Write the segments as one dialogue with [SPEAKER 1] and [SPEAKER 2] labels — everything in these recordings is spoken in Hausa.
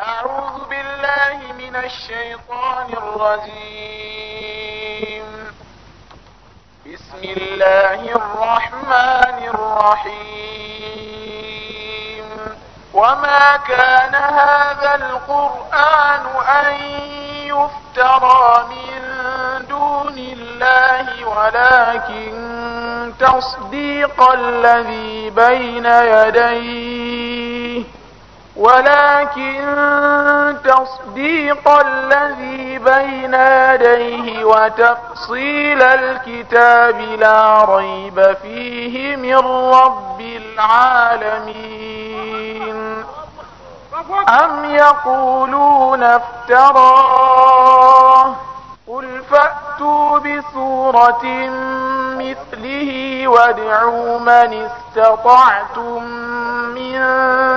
[SPEAKER 1] أعوذ بالله من الشيطان الرجيم بسم الله الرحمن الرحيم وما كان هذا القرآن أن يفترى من دون الله ولكن تصديق الذي بين يديه ولكن تصديق الذي بين يديه وتفصيل الكتاب لا ريب فيه من رب العالمين أم يقولون افتراه فأتوا بسورة مثله وادعوا من استطعتم من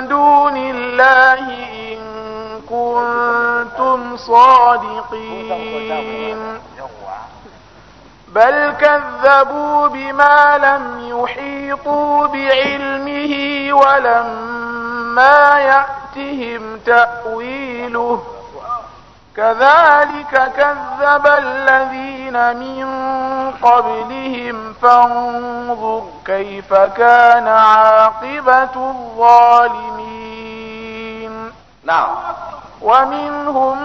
[SPEAKER 1] دون الله إن كنتم صادقين بل كذبوا بما لم يحيطوا بعلمه ولما يأتهم تأويله كذلك كذب الذين من قبلهم فانظر كيف كان عاقبة الظالمين نعم ومنهم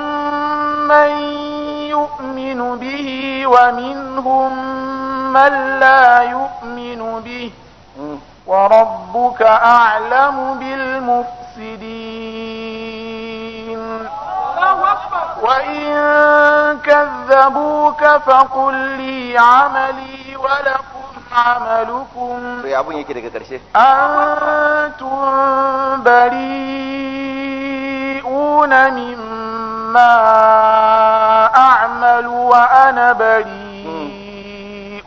[SPEAKER 1] من يؤمن به ومنهم من لا يؤمن به وربك أعلم بالمفسدين وإن كذبوك فقل لي عملي ولكم عملكم أنتم بريئون مما أعمل وأنا بريء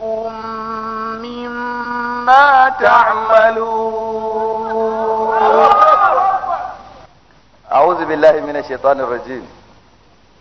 [SPEAKER 1] مما تعملون أعوذ
[SPEAKER 2] بالله من الشيطان الرجيم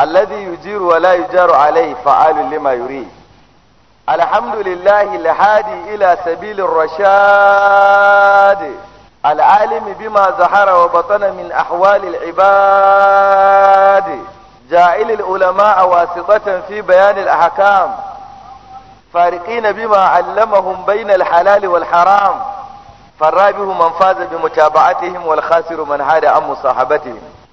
[SPEAKER 2] الذي يجير ولا يجار عليه فعال لما يريد الحمد لله الهادي إلى سبيل الرشاد العالم بما ظهر وبطن من أحوال العباد جائل العلماء واسطة في بيان الأحكام فارقين بما علمهم بين الحلال والحرام فالرابه من فاز بمتابعتهم والخاسر من هاد عن مصاحبتهم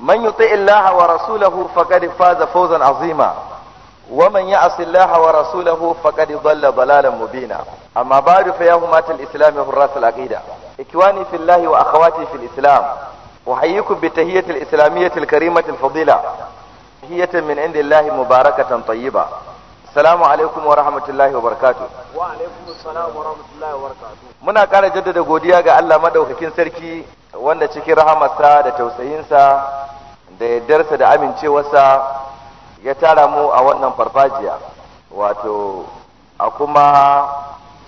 [SPEAKER 2] من يطع الله ورسوله فقد فاز فوزا عظيما ومن يعص الله ورسوله فقد ضل ضلالا مبينا اما بعد فيا امه الاسلام حراس العقيده اخواني في الله واخواتي في الاسلام احييكم بتهية الاسلاميه الكريمه الفضيله هي من عند الله مباركه طيبه السلام عليكم ورحمه الله وبركاته وعليكم السلام ورحمه الله وبركاته muna ƙara jaddada godiya ga Allah madaukakin sarki wanda cikin rahamarsa da tausayinsa da yardarsa da amincewarsa ya tara mu a wannan farfajiya wato a kuma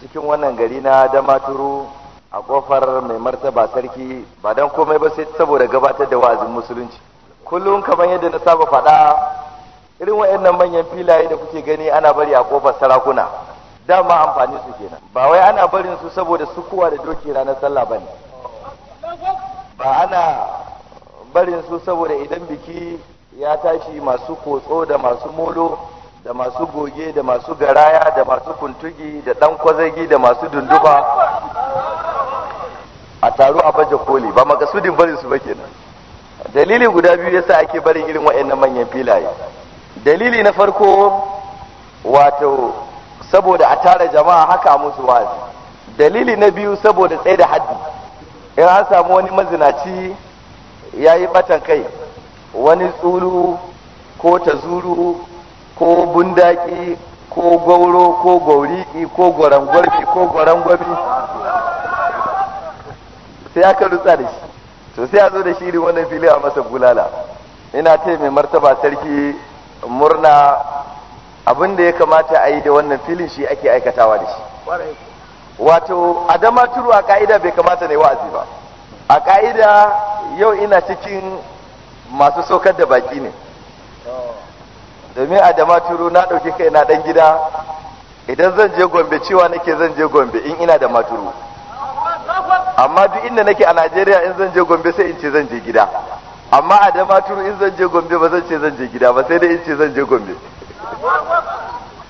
[SPEAKER 2] cikin wannan gari na damaturu a kofar mai martaba sarki ba don komai ba sai saboda gabatar da wa'azin musulunci kullum kamar yadda na saba faɗa irin waɗannan manyan filaye da kuke gani ana bari a kofar sarakuna dama amfani su kenan ba wai ana barin su saboda sukuwa da doki ranar sallah ba ne. ba ana barin su saboda idan biki ya tashi masu kotso da masu molo da masu goge da masu garaya da masu kuntugi da ɗan kwazagi da masu dunduba a taro a baje koli ba makasudin barin su ba kenan dalili guda biyu yasa ake barin irin wa'annan manyan filaye dalili na farko wato saboda a tara jama'a haka musu wazi dalili na biyu saboda tsaye da haddi in an samu wani mazinaci ya yi batan kai wani tsulu ko tazuru ko bundaki ko gauro ko gauriki ko gwarangwarki ko gwarangwafi sai aka rutsa da shi to sai a zo da ne wannan fili a masa bulala ina ta mai martaba sarki murna abin da ya kamata a yi da wannan filin shi ake aikatawa da shi wato adama turu a ka'ida bai kamata ne wa'azi ba a ka'ida yau ina cikin masu saukar da baki ne domin a dama turu na ɗauki kai na ɗan gida idan zan je gombe cewa nake zan je gombe in ina da maturu amma duk inda nake a najeriya in zan je gombe sai in ce zan je gida amma a turu in zan je gombe ba zan ce zan je gida ba sai dai in ce zan je gombe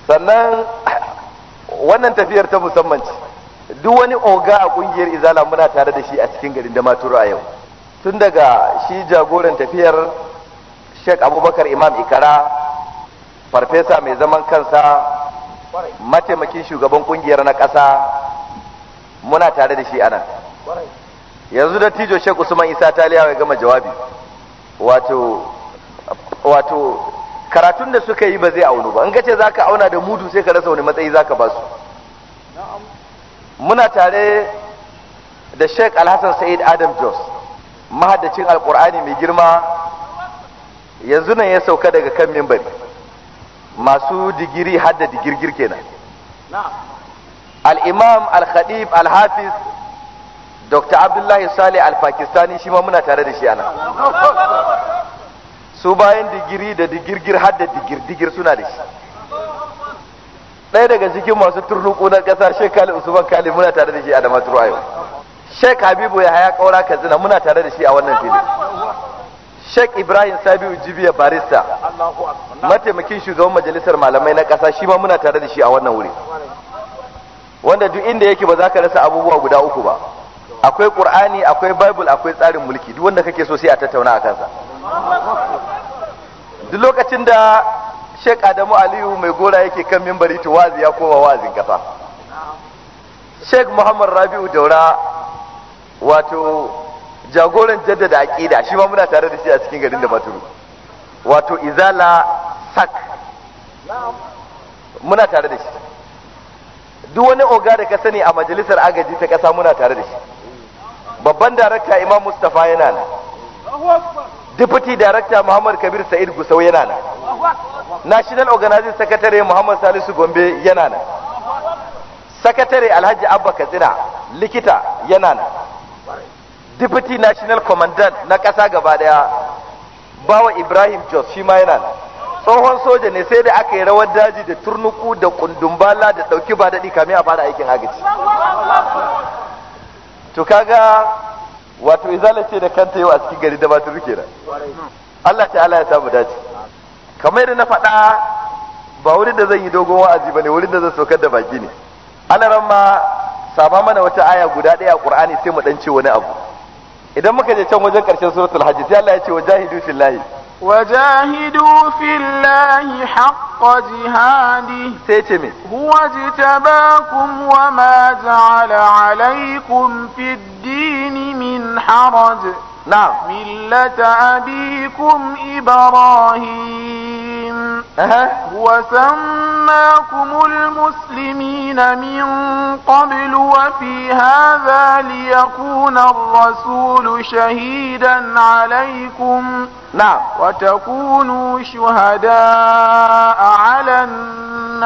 [SPEAKER 2] sannan wannan tafiyar ta musamman ce duk wani oga a kungiyar izala muna tare da shi a cikin garin da maturu a yau tun daga shi jagoran tafiyar sheik abubakar imam ikara farfesa mai zaman kansa mataimakin shugaban kungiyar na ƙasa muna tare da shi anan yanzu da tijo sheik usman isa taliya ya gama jawabi wato wato karatun da suka yi ba zai aunu ba in ka ce zaka auna da mudu sai ka rasa wani matsayi za ba su muna tare da sheik alhassan sa'id adam jos mahaddacin alkur'ani mai girma yanzu nan ya sauka daga kan mimbari masu digiri hadda digirgir kenan al-imam al khadif al-hafiz dr abdullahi Salih al-pakistani shi ma muna tare da shi ana su bayan digiri da digirgir hadda digir suna da shi ɗaya daga cikin masu turnuku na ƙasa shekali usman kali muna tare da shi a da maturu yau Sheikh Habibu ya haya kaura zina muna tare da shi a wannan fili. Sheikh Ibrahim Sabiu Jibiya Barista mataimakin shugaban majalisar malamai na ƙasa shi ma muna tare da shi a wannan wuri. Wanda duk inda yake ba za ka rasa abubuwa guda uku ba. Akwai Qur'ani, akwai Bible, akwai tsarin mulki duk wanda kake so sai a tattauna a kansa. Duk lokacin da Sheikh Adamu Aliyu mai gora yake kan mimbari to wazi ya koma wazin kafa. Sheikh Muhammad Rabi'u Daura wato jagoran jaddada aqida shi ma muna tare da shi a cikin garin da baturu wato izala sak muna tare da shi duk wani oga da ka sani a majalisar agaji ta kasa muna tare da shi babban darakta imam mustafa yana nan deputy darakta muhammad kabir sa'id gusau yana nan national organizing secretary muhammad salisu gombe yana nan Secretary alhaji abba katsina likita yana nan deputy national commandant na kasa gaba daya bawa ibrahim jos shi ma yana tsohon soja ne sai da aka yi rawar daji da turnuku da kundumbala da ɗauki ba daɗi kamin a fara aikin agaji to kaga wato izala ce da kanta yau a cikin gari da rike da, Allah ta'ala ya samu dace kamar yadda na faɗa ba wurin da zan yi dogon wa'azi ba ne wurin da zan saukar da baki ne ran ma sama mana wata aya guda ɗaya a ƙur'ani sai mu ɗan ce wani abu idan muka je can wajen karshen suratul hajj sai Allah ya ce wajahidu fillahi
[SPEAKER 1] وجاهدوا في الله حق جهاده سيتمي هو اجتباكم وما جعل عليكم في الدين من حرج نعم ملة أبيكم إبراهيم أه. وسمى سماكم المسلمين من قبل وفي هذا ليكون الرسول شهيدا عليكم نعم وتكونوا شهداء على الناس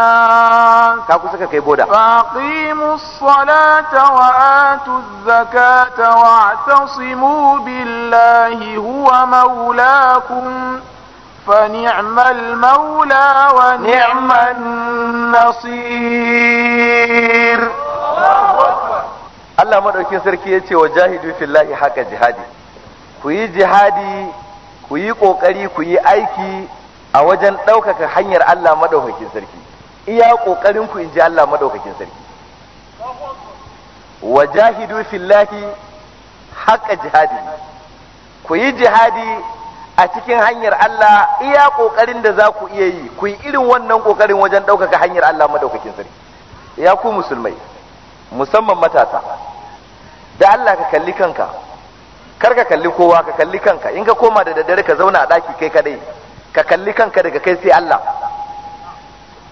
[SPEAKER 1] فاقيموا الصلاة وآتوا الزكاة واعتصموا بالله هو مولاكم فنعم المولى ونعم النصير Allah madaukin sarki ya ce
[SPEAKER 2] wa jahidu fillahi haka jihadi Kuyi yi jihadi ku yi kokari aiki a wajen ɗaukaka hanyar Allah madaukakin sarki iya ƙoƙarin ku inji Allah madaukakin sarki wa jahidu fillahi haka jihadi kuyi jihadi a cikin hanyar Allah iya kokarin da za ku iya yi ku yi irin wannan kokarin wajen ɗaukaka hanyar Allah madaukakin sarki ya ku musulmai musamman matasa da Allah ka kalli kanka kar ka kalli kowa ka kalli kanka in ka koma da daddare ka zauna a ɗaki kai kadai ka kalli kanka daga kai sai Allah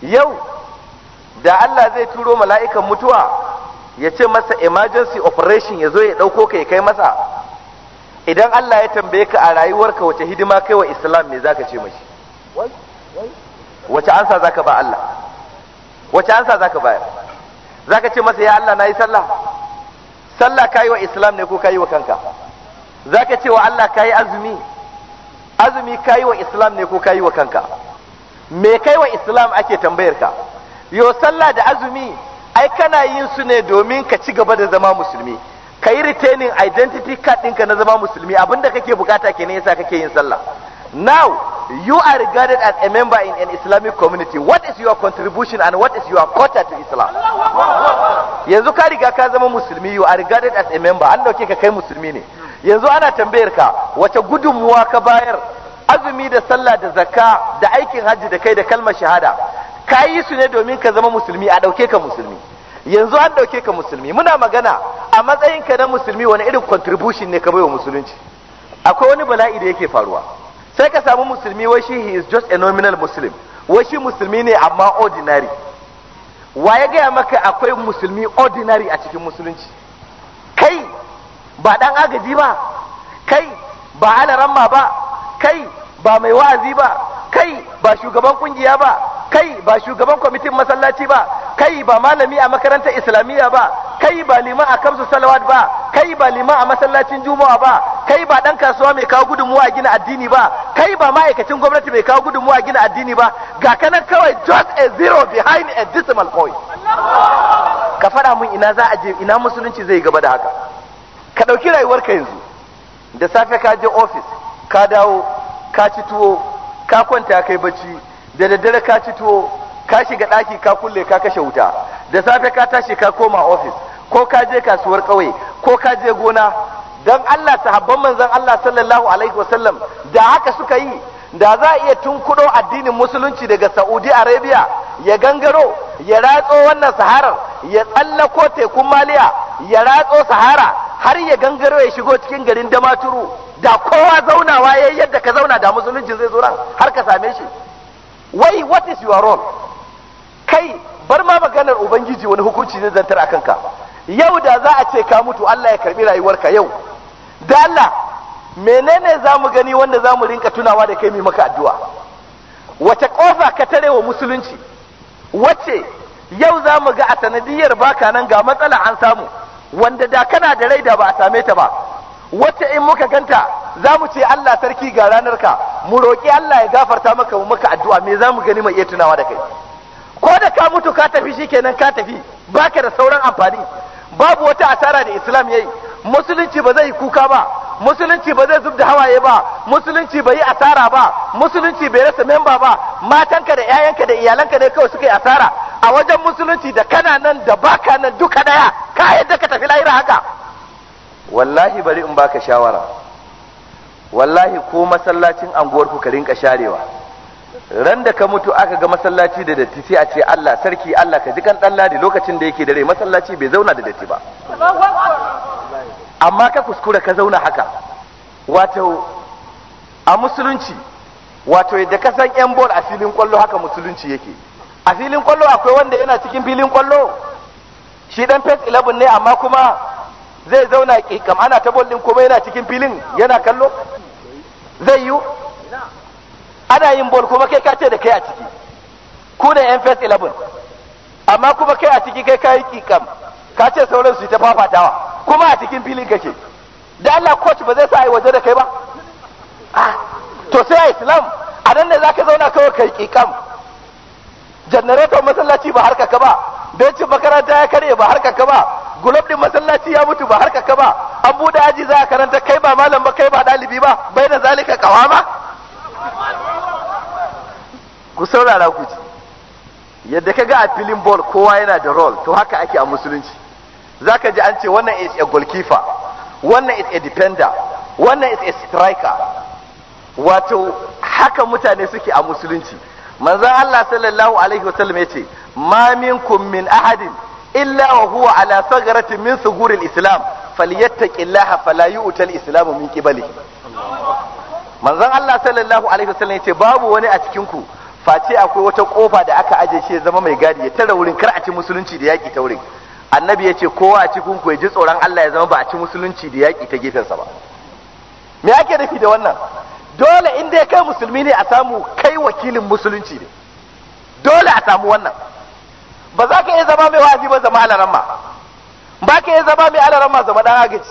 [SPEAKER 2] yau da Allah zai turo mala'ikan mutuwa ya ce masa emergency operation ya zo ya ɗauko ka ya kai masa idan Allah ya tambaye ka a rayuwarka wace hidima kai wa Islam me zaka ce mashi wace ansa zaka ba Allah wace ansa zaka bayar zaka ce masa ya Allah nayi sallah sallah kai wa Islam ne ko kai wa kanka zaka ce wa Allah kai azumi azumi kai wa Islam ne ko kai wa kanka me kai wa Islam ake tambayar ka yo sallah da azumi ai kana yin su ne domin ka ci gaba da zama musulmi ka yi retaining identity card ɗinka na zama musulmi abinda kake bukata kenan yasa kake yin sallah now you are regarded as a member in an islamic community what is your contribution and what is your quota to islam yanzu ka riga ka zama musulmi you are regarded as a member an dauke ka kai musulmi ne yanzu ana tambayar ka wace gudunmuwa ka bayar azumi da sallah da zakka da aikin hajji da kai da kalmar shahada ka yi su ne domin ka zama musulmi a dauke ka musulmi yanzu an dauke ka musulmi muna magana a matsayin ka na musulmi wani irin contribution ne ka baiwa musulunci akwai wani bala'i da yake faruwa sai ka samu musulmi wai shi he is just a nominal muslim wai shi musulmi ne amma ordinary wa ya gaya maka akwai musulmi ordinary a cikin musulunci kai ba dan agaji ba kai ba alaramma ba kai ba mai wa'azi ba kai ba shugaban kungiya ba kai ba shugaban kwamitin masallaci ba kai ba malami a makarantar islamiyya ba kai ba liman a kamsu salawat ba kai ba liman a masallacin juma'a ba kai ba dan kasuwa mai kawo gudunmuwa gina addini ba kai ba ma'aikacin gwamnati mai kawo gudunmuwa gina addini ba ga kanan kawai just a zero behind a decimal point ka faɗa mun ina za a je ina musulunci zai gaba da haka ka ɗauki rayuwarka yanzu da safe ka je ofis ka dawo ka ci tuwo ka kwanta kai bacci da daddare ka ci tuwo ka shiga ɗaki ka kulle ka kashe wuta da safe ka tashi ka koma ofis ko ka je kasuwar ƙauye ko ka je gona dan Allah sahabban manzon Allah sallallahu alaihi wasallam da haka suka yi da za a iya tunkuɗo addinin musulunci daga Saudi Arabia ya gangaro ya ratso wannan saharar ya tsallako tekun maliya ya ratso sahara har ya gangaro ya shigo cikin garin damaturu da kowa zaunawa yayi yadda ka zauna da musulunci zai zo har ka same shi wai what is your role kai bar ma maganar ubangiji wani hukunci zai zantar a kanka. yau da za a ce ka mutu Allah ya karbi rayuwarka yau da Allah menene za mu gani wanda za mu rinka tunawa da kai mai maka addu'a wace kofa ka tare wa musulunci wace yau za mu ga a sanadiyar baka nan ga matsala an samu wanda da kana da rai da ba a same ta ba wacce in muka ganta za mu ce Allah sarki ga ranar ka mu roƙi Allah ya gafarta maka mu maka addu'a me za mu gani mai iya tunawa da kai ko da ka mutu ka tafi shi kenan ka tafi baka da sauran amfani babu wata asara da Islam yayi musulunci ba zai kuka ba musulunci ba zai zub da hawaye ba musulunci bai asara ba musulunci bai rasa memba ba matanka da 'ya'yanka da iyalanka ne kawai suka yi asara a wajen musulunci da kana nan da baka nan duka daya ka yadda ka tafi lahira haka wallahi bari in baka shawara wallahi ko masallacin anguwar ka rinka sharewa ran da ka mutu aka ga masallaci da datti sai a ce Allah sarki Allah ka ji kan dan ladi lokacin da yake dare masallaci bai zauna da datti ba amma ka kuskura ka zauna haka wato a musulunci wato yadda ka san yan bol a filin kwallo haka musulunci yake a filin kwallo akwai wanda yana cikin filin kwallo shi dan face 11 ne amma kuma zai zauna kikam ana ta bollin kuma yana cikin filin yana kallo zai yi ana yin bol kuma kai ka ce da kai a ciki ku da yan fes 11 amma kuma kai a ciki kai kayi kikam ka ce sauran su ta fafatawa kuma a cikin filin kake da Allah coach ba zai sa ai waje da kai ba ah, to sai a islam a nan ne zaka zauna kawai kai kikam generator masallaci ba harka ka ba bencin makaranta ya karye ba harka ka ba gulob din masallaci ya mutu ba harka ka ba an buɗe aji za a karanta kai ba malam ba kai ba ɗalibi ba bai da zalika kawama ku saurara ku ji yadda ka ga a filin ball kowa yana da role to haka ake a musulunci za ka ji an ce wannan is a goalkeeper wannan is a defender wannan is a striker wato haka mutane suke a musulunci manzon Allah sallallahu alaihi wasallam ya ce ma minkum min ahadin illa wa huwa ala sagarati min suguril islam falyattaqillaha fala yu'tal islamu min qibali manzon Allah sallallahu alaihi wasallam yace babu wani a cikin ku face akwai wata kofa da aka aje shi ya zama mai gadi ya tara wurin kar a ci musulunci da yaki ta wurin annabi yace kowa a cikin ku ya ji tsoron Allah ya zama ba a ci musulunci da yaki ta gefensa ba me ake dafi da wannan dole in dai kai musulmi ne a samu kai wakilin musulunci ne dole a samu wannan ba za ka iya zama mai wazi ba zama alaramma ba ka iya zama mai alaramma zama dan agaji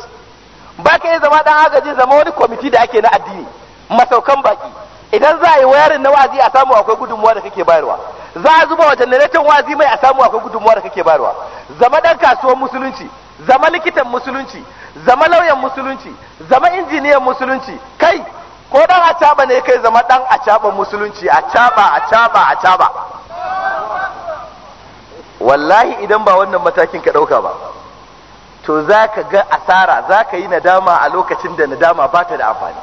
[SPEAKER 2] ba ka iya zama dan agaji zama wani kwamiti da ake na addini masaukan baki idan za a yi wayarin na wazi a samu akwai gudunmuwa da kake bayarwa za a zuba wajen janareton wazi mai a samu akwai gudunmuwa da kake bayarwa zama dan kasuwar musulunci zama likitan musulunci zama lauyan musulunci zama injiniyan musulunci kai ko dan acaba ne kai zama dan caba musulunci acaba acaba acaba wallahi idan ba wannan matakin ka ɗauka ba to za ka ga asara za ka yi nadama a lokacin da nadama ba ta da amfani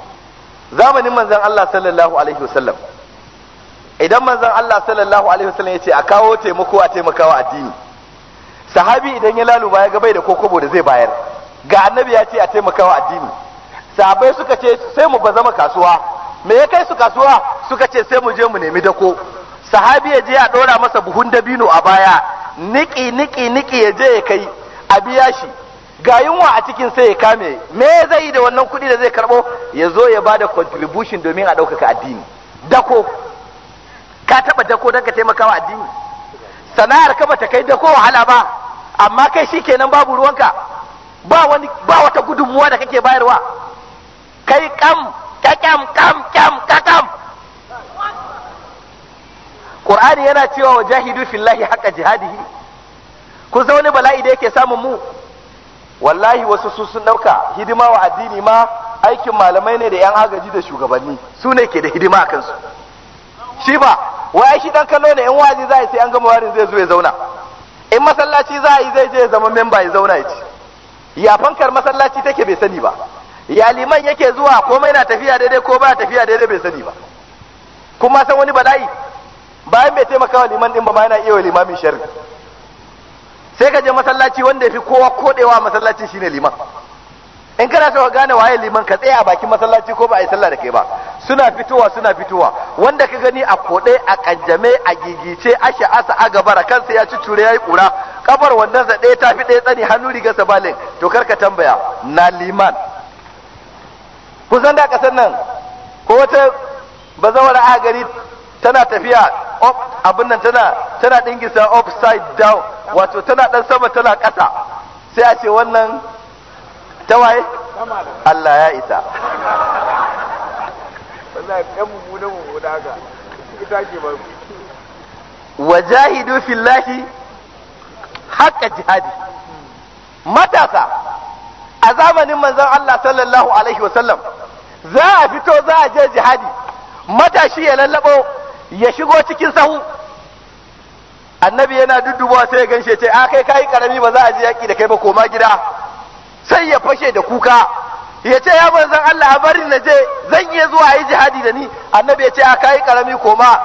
[SPEAKER 2] zamanin manzan Allah sallallahu alaihi wasallam idan manzan Allah sallallahu alaihi wasallam ya ce a kawo taimako a taimakawa addini sahabi idan ya laluba ya ga bai da kokobo da zai bayar ga annabi ya ce a taimakawa addini sahabai suka ce sai mu ba zama kasuwa me ya kai su kasuwa suka ce sai mu je mu nemi dako sahabi ya je a ɗora masa buhun dabino a baya niki niki niki ya je ya kai a biya shi ga yunwa a cikin sai ya kame me zai yi da wannan kuɗi da zai karɓo ya zo ya bada contribution domin a ɗaukaka addini dako ka taɓa dako don ka taimakawa addini sana'ar ka bata kai dako wahala ba amma kai shi kenan babu ruwanka ba wani ba wata gudunmuwa da kake bayarwa kai kam kakam kam kam kakam qur'ani yana cewa wa jahidu fillahi haqqa jihadihi ku san wani bala'i da yake samun mu wallahi wasu su sun dauka hidima wa addini ma aikin malamai ne da yan agaji da shugabanni su ne ke da hidima a kansu shi ba wai shi dan kallo ne in wazi zai sai an gama warin zai zo ya zauna in masallaci za yi zai je ya zama memba ya zauna ya ci ya fankar masallaci take bai sani ba ya liman yake zuwa komai na tafiya daidai ko ba tafiya daidai bai sani ba kuma san wani bala'i bayan bai taimaka wa liman din ba ma yana iya wa limamin sharri sai ka je masallaci wanda ya fi kowa kodewa masallacin shine liman in kana so ka gane waye liman ka tsaya a bakin masallaci ko ba a yi sallah da kai ba suna fitowa suna fitowa wanda ka gani a kode a kanjame a gigice a sha'asa a gabara kansa ya ci tura ya yi kura kafar wannan sa ɗaya tafi ɗaya tsani hannu sa balin to kar ka tambaya na liman kusan da kasar nan ko wata bazawar a gari tana tafiya up abin nan tana tana dingisa upside down wato tana dan sama tana ƙasa sai a ce wannan tawaye Allah ya isa
[SPEAKER 1] wallahi ɗan mummuna
[SPEAKER 2] mummuna ita ke ba wajahidu fillahi haqqa jihadi matasa a zamanin manzon Allah sallallahu alaihi wasallam za a fito za a je jihadi matashi ya lallabo ya shigo cikin sahu annabi yana duddubawa sai ya ganshe ce a kai kai karami ba za a je yaki da kai ba koma gida sai ya fashe da kuka ya ce ya manzan Allah a bari na je zan iya zuwa yi jihadi da ni annabi ya ce a kai karami koma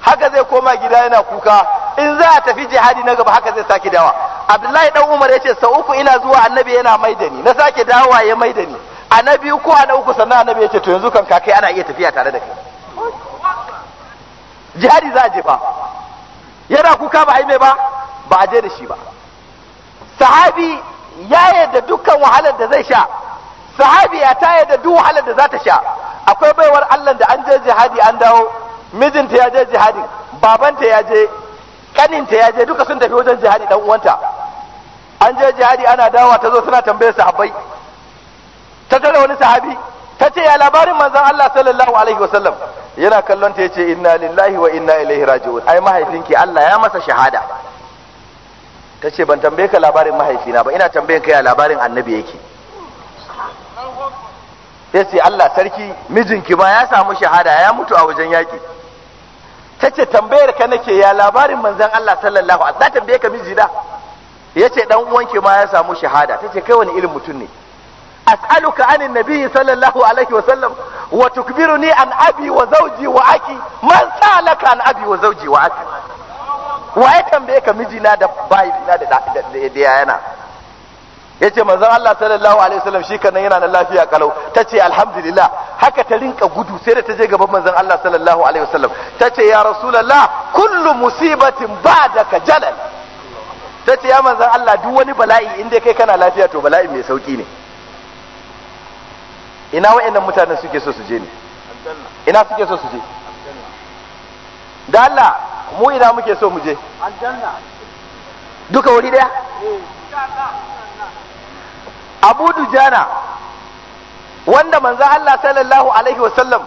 [SPEAKER 2] haka zai koma gida yana kuka in za a tafi jihadi na gaba haka zai sake dawa abdullahi dan umar ya ce sau uku ina zuwa annabi yana mai da ni na sake dawa ya mai da ni a na biyu ko a na uku sannan annabi ya ce to yanzu kan kakai ana iya tafiya tare da kai jihadi za a je ba yana kuka ba a yi mai ba ba a je da shi ba sahabi ya yadda dukkan wahalar da zai sha sahabi ya ta yadda duk wahalar da za ta sha akwai baiwar Allah da an je jihadi an dawo mijinta ya je jihadi babanta ya je kaninta ya je duka sun tafi wajen jihadi dan uwanta an je jihadi ana dawowa ta zo suna tambayar sahabbai ta tare wani sahabi ta ce ya labarin manzon Allah sallallahu alaihi wasallam yana kallon ta yace inna lillahi wa inna ilaihi raji'un ai mahaifinki Allah ya masa shahada ta ce ban tambaye ka labarin mahaifina ba ina tambayen ka ya labarin annabi yake ya ce Allah sarki mijinki ba ya samu shahada ya mutu a wajen yaƙi ta ce tambayar ka nake ya labarin manzan Allah sallallahu alaihi wasallam tambaye ka da. ya ce dan uwanki ma ya samu shahada ta ce kai wani irin mutum ne أسألك عن النبي صلى الله عليه وسلم وتكبرني عن أبي وزوجي وأكي من سألك عن أبي وزوجي وأكي waye tambaye ka mijina da baibina da da yana yace manzon Allah sallallahu alaihi wasallam shi kana yana da lafiya kalau tace alhamdulillah haka ta rinka gudu sai da ta je gaban manzon Allah sallallahu alaihi wasallam tace ya rasulullah kullu musibatin ba'daka jalal tace ya manzon Allah duk wani bala'i inda kai kana lafiya to bala'i mai sauki ne ina wa'annan mutanen suke so su je ne ina suke so su je da Allah mu ina muke so mu je duka wuri daya abu dujana wanda manzo Allah sallallahu alaihi wasallam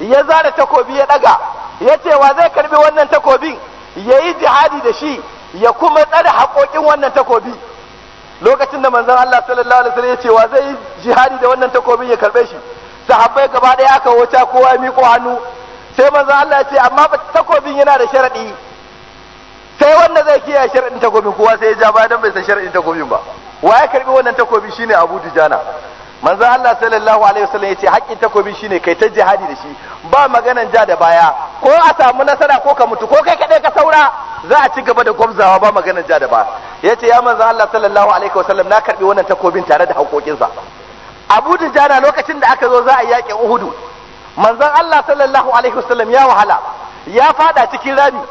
[SPEAKER 2] ya zara takobi ya daga ya ce wa zai karbi wannan takobin ya yi jihadi da shi ya kuma tsare haƙoƙin wannan takobi lokacin da manzon Allah sallallahu alaihi wasallam ya ce wa zai jihadi da wannan takobin ya karbe shi sahabbai gaba daya aka wuce kowa miƙo hannu sai manzon Allah ya ce amma takobin yana da sharadi sai wanda zai kiyaye sharadin takobin kowa sai ya ja bayan bai san sharadin takobin ba wa ya karbi wannan takobi shine Abu Dujana manzo Allah sallallahu alaihi wasallam yace haƙƙin takobi shine kai ta jihadi da shi ba maganan ja da baya ko a samu nasara ko ka mutu ko kai kadai ka saura za a ci gaba da gwamzawa ba maganan ja da baya yace ya manzo Allah sallallahu alaihi wasallam na karbi wannan takobin tare da haƙoƙinsa Abu Dujana lokacin da aka zo za a yaƙin Uhudu manzo Allah sallallahu alaihi wasallam ya wahala ya fada cikin rami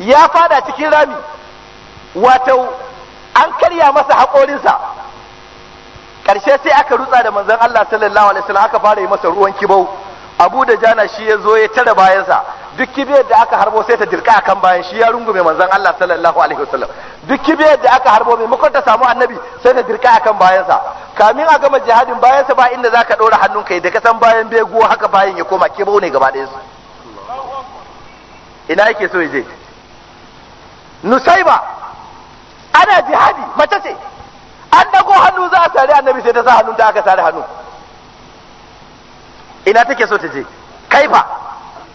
[SPEAKER 2] ya fada cikin rami wato an karya masa haƙorinsa karshe sai aka rutsa da manzon Allah sallallahu alaihi wasallam aka fara yi masa ruwan kibau Abu da Jana shi ya zo ya tare bayansa duk kibiyar da aka harbo sai ta dirka akan bayan shi ya rungume manzon Allah sallallahu alaihi wasallam duk kibiyar da aka harbo maimakon ta samu annabi sai ta dirka akan bayansa kamin a gama jihadin bayansa ba inda zaka ɗora hannun kai da ka san bayan bego haka bayan ya koma kibau ne gaba ɗayansu ina yake so ya je Nusaiba ana jihadi mace ce an dago hannu za a sare annabi sai ta sa hannun ta aka sare hannu ina take so ta je kaifa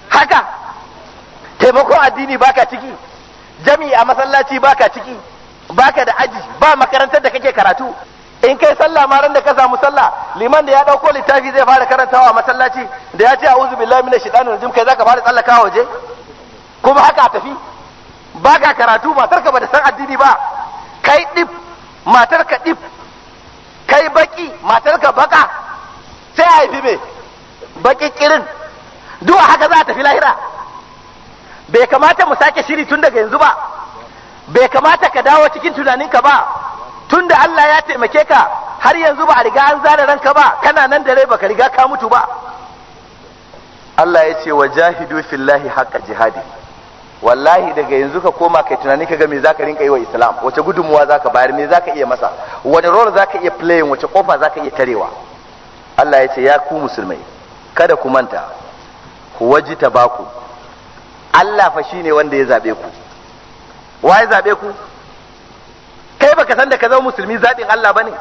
[SPEAKER 2] haka taimako addini baka ciki jami a masallaci baka ciki baka da aji ba makarantar da kake karatu in kai sallah ma ran da ka samu sallah liman da ya dauko littafi zai fara karantawa a masallaci da ya ce a'udhu billahi minash shaitanir rajim kai zaka fara tsallakawa waje kuma haka a tafi baka karatu ba ka ba da san addini ba kai dip matar ka dif kai baki matar ka baka sai a haifi me baki kirin duk haka za a tafi lahira bai kamata mu sake shiri tun daga yanzu ba bai kamata ka dawo cikin tunanin ka ba tun da Allah ya taimake ka har yanzu ba a riga an zara ranka ba kana nan da rai baka riga ka mutu ba Allah ya ce wa jahidu fillahi haqqa jihadi wallahi daga yanzu ka koma kai tunani ka ga me zaka rinka yi wa islam wace gudunmuwa zaka bayar me zaka iya masa wani role zaka iya playing wace kofa zaka iya tarewa Allah ya ce ya ku musulmai kada ku manta ku waji tabaku Allah fa shine wanda ya zabe ku Waye zabe ku kai baka san da ka zama musulmi zabin Allah bane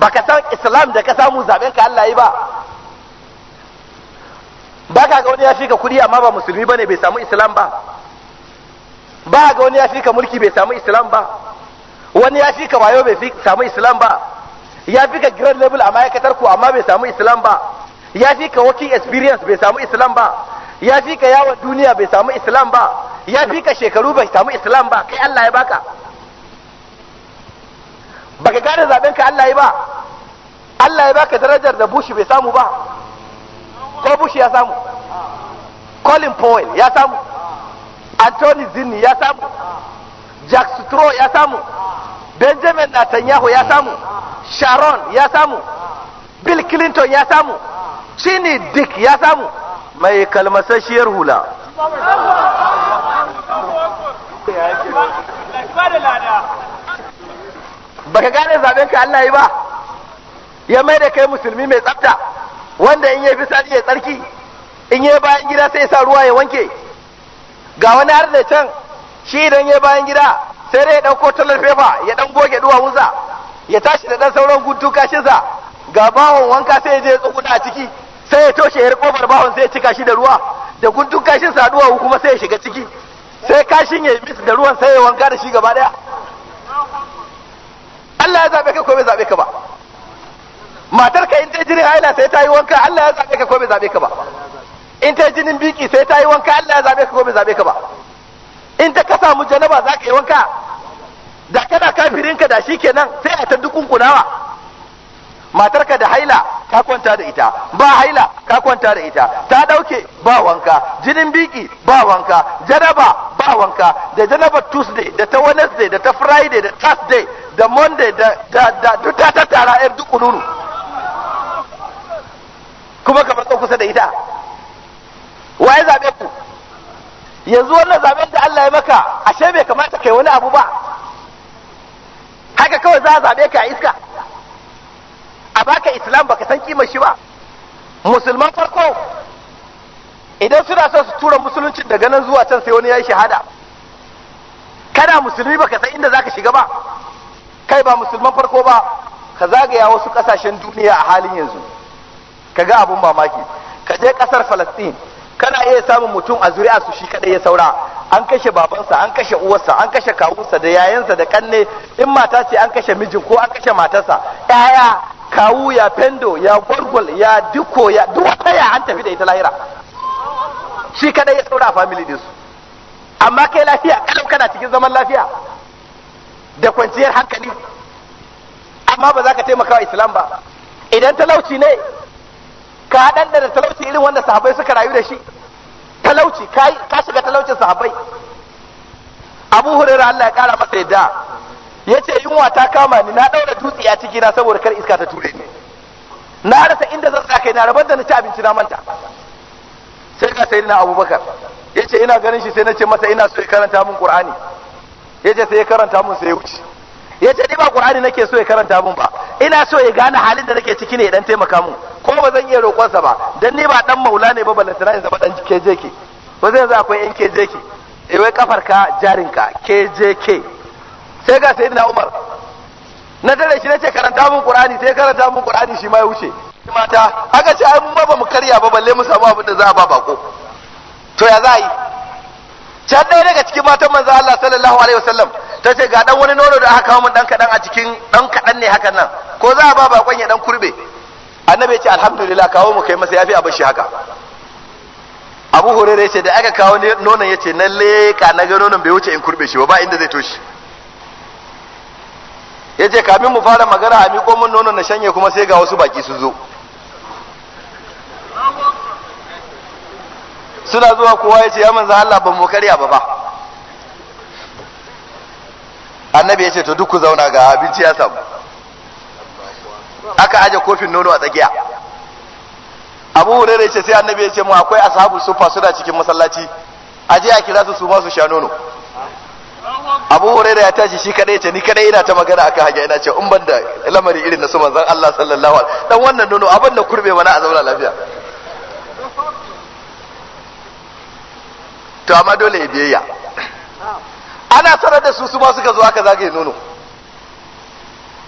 [SPEAKER 2] baka san islam da ka samu zaben ka Allah yi ba ba ka ga wani ya fi ka kuɗi amma ba musulmi ba ne bai samu islam ba ba ga wani ya fi ka mulki bai samu islam ba wani ya fi ka wayo bai samu islam ba ya fi ka grade level a ma'aikatar ku amma bai samu islam ba ya fi ka working experience bai samu islam ba ya fi ka yawon duniya bai samu islam ba ya fi ka shekaru bai samu islam ba kai Allah ya baka baka gane zaben ka Allah ya ba Allah ya baka darajar da bushi bai samu ba ko ya samu colin powell ya samu anthony zinni ya samu jack straw ya samu benjamin netanyahu ya samu sharon ya samu bill clinton ya samu chini dick ya samu mai kalmasasshiyar hula baka gane zaben ka Allah yi ba ya mai da kai musulmi mai tsafta wanda in ya fi sadi ya tsarki in yi bayan gida sai ya sa ruwa ya wanke ga wani har da can shi idan ya bayan gida sai dai ya ɗauko talar fefa ya dan goge duwawunsa ya tashi da ɗan sauran guntun kashinsa ga bawon wanka sai ya je a ciki sai ya toshe yar kofar bawon sai ya cika shi da ruwa da guntun kashin sa duwawu kuma sai ya shiga ciki sai kashin ya mis da ruwan sai ya wanka da shi gaba daya Allah ya zabe ka ko bai zabe ka ba matar ka in ta jini haila sai ta yi wanka Allah ya zabe ka ko bai zabe ka ba in ta jinin biki sai ta yi wanka Allah ya zabe ka ko bai zabe ka ba in ta ka samu janaba za ka yi wanka da kana kafirin ka da shi kenan sai a ta dukunkunawa matar ka da haila ka kwanta da ita ba haila ka kwanta da ita ta dauke ba wanka jinin biki ba wanka janaba ba wanka da janaba tuesday da ta wednesday da ta friday da thursday da monday da da da ta tara yar dukununu kuma ka matsa kusa da ita waye zabe ku yanzu wannan zaɓen da Allah ya maka ashe bai kamata kai wani abu ba haka kawai za a zabe ka a iska a baka islam baka san kimar shi ba musulman farko idan suna son su tura musulunci daga nan zuwa can sai wani ya yi shahada kana musulmi baka san inda zaka shiga ba kai ba musulman farko ba ka zagaya wasu kasashen duniya a halin yanzu Ka ga abun mamaki ka je kasar Falastin kana iya samun mutum a zuri'a su shi kadai ya saura an kashe babansa an kashe uwarsa an kashe kawunsa da yayansa da kanne in mata ce an kashe mijin ko an kashe matarsa yaya kawu ya fendo ya gwargwal ya duko ya duk wata ya an tafi da ita lahira shi kadai ya saura a family din su amma kai lafiya kalau kana cikin zaman lafiya da kwanciyar hankali amma ba za ka taimaka wa islam ba idan talauci ne ka danna da talauci irin wanda sahabbai suka rayu da shi talauci ka shiga talaucin sahabbai abu hurairar Allah ya kara masa yadda ya ce yunwa ta kama ni na ɗaura dutse a ciki na saboda kar iska ta ture ni na rasa inda zan sa kai na rabar da na ci abinci na manta sai ga sai na abubakar ya ce ina ganin shi sai na ce masa ina so ya karanta min qur'ani ya ce sai ya karanta mun sai ya wuce ya ce ni ba qur'ani nake so ya karanta mun ba ina so ya gane halin da nake ciki ne dan taimaka mun ko ba zan iya roƙonsa ba dan ni ba dan maula ne ba ballantana in zama dan KJK. ko zai yanzu akwai yan eh wai kafar ka jarin ka kjk sai ga sayyidina umar na tare shi nace karanta mun qur'ani sai karanta mun qur'ani shi ma ya wuce mata aka ce ai mun ba mu karya ba balle mu samu abin da za a ba bako to ya za a yi can ɗaya daga cikin matan manzo Allah sallallahu alaihi wasallam ta ce ga dan wani nono da aka kawo min dan kadan a cikin dan kadan ne hakan nan ko za a ba bakon ya dan kurbe annabi ya ce alhamdulillah kawo mu kai masa yafi a bashi haka abu Hurairah ya ce da aka kawo nonon ya ce na leka na ga nonon bai wuce in kurbe shi ba ba inda zai toshi yace ce kamin mu fara magana a miƙo mun nonon na shanye kuma sai ga wasu baki su zo suna zuwa kowa ya ce ya manzan Allah ban mu karya ba ba annabi ya ce to duk ku zauna ga abinci ya samu aka aje kofin nono a tsakiya abu hurairu ce sai annabi ya ce mu akwai ashabu sufa suna cikin masallaci aje a kira su su ma su sha nono abu hurairu ya tashi shi kadai ce ni kadai ina ta magana akan hanya ina ce in ban da lamari irin na su manzan Allah sallallahu alaihi dan wannan nono abin da kurbe mana a zauna lafiya to amma dole ya biyayya ana sanar da su su ma suka zo aka zagaye nono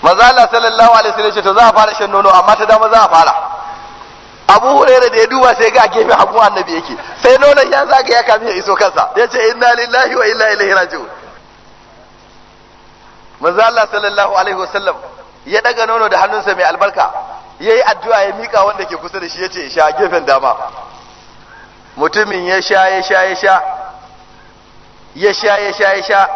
[SPEAKER 2] mazala sallallahu alaihi wasallam ce to za a fara shan nono amma ta dama za a fara Abu Hurairah da ya duba sai ga a gefe hagu annabi yake sai nono ya ya kafin ya iso kansa yace inna lillahi wa inna ilaihi raji'un mazala sallallahu alaihi wasallam ya daga nono da hannunsa mai albarka yayi addu'a ya mika wanda ke kusa da shi yace sha gefen dama mutumin ya sha ya sha ya sha ya sha ya sha ya sha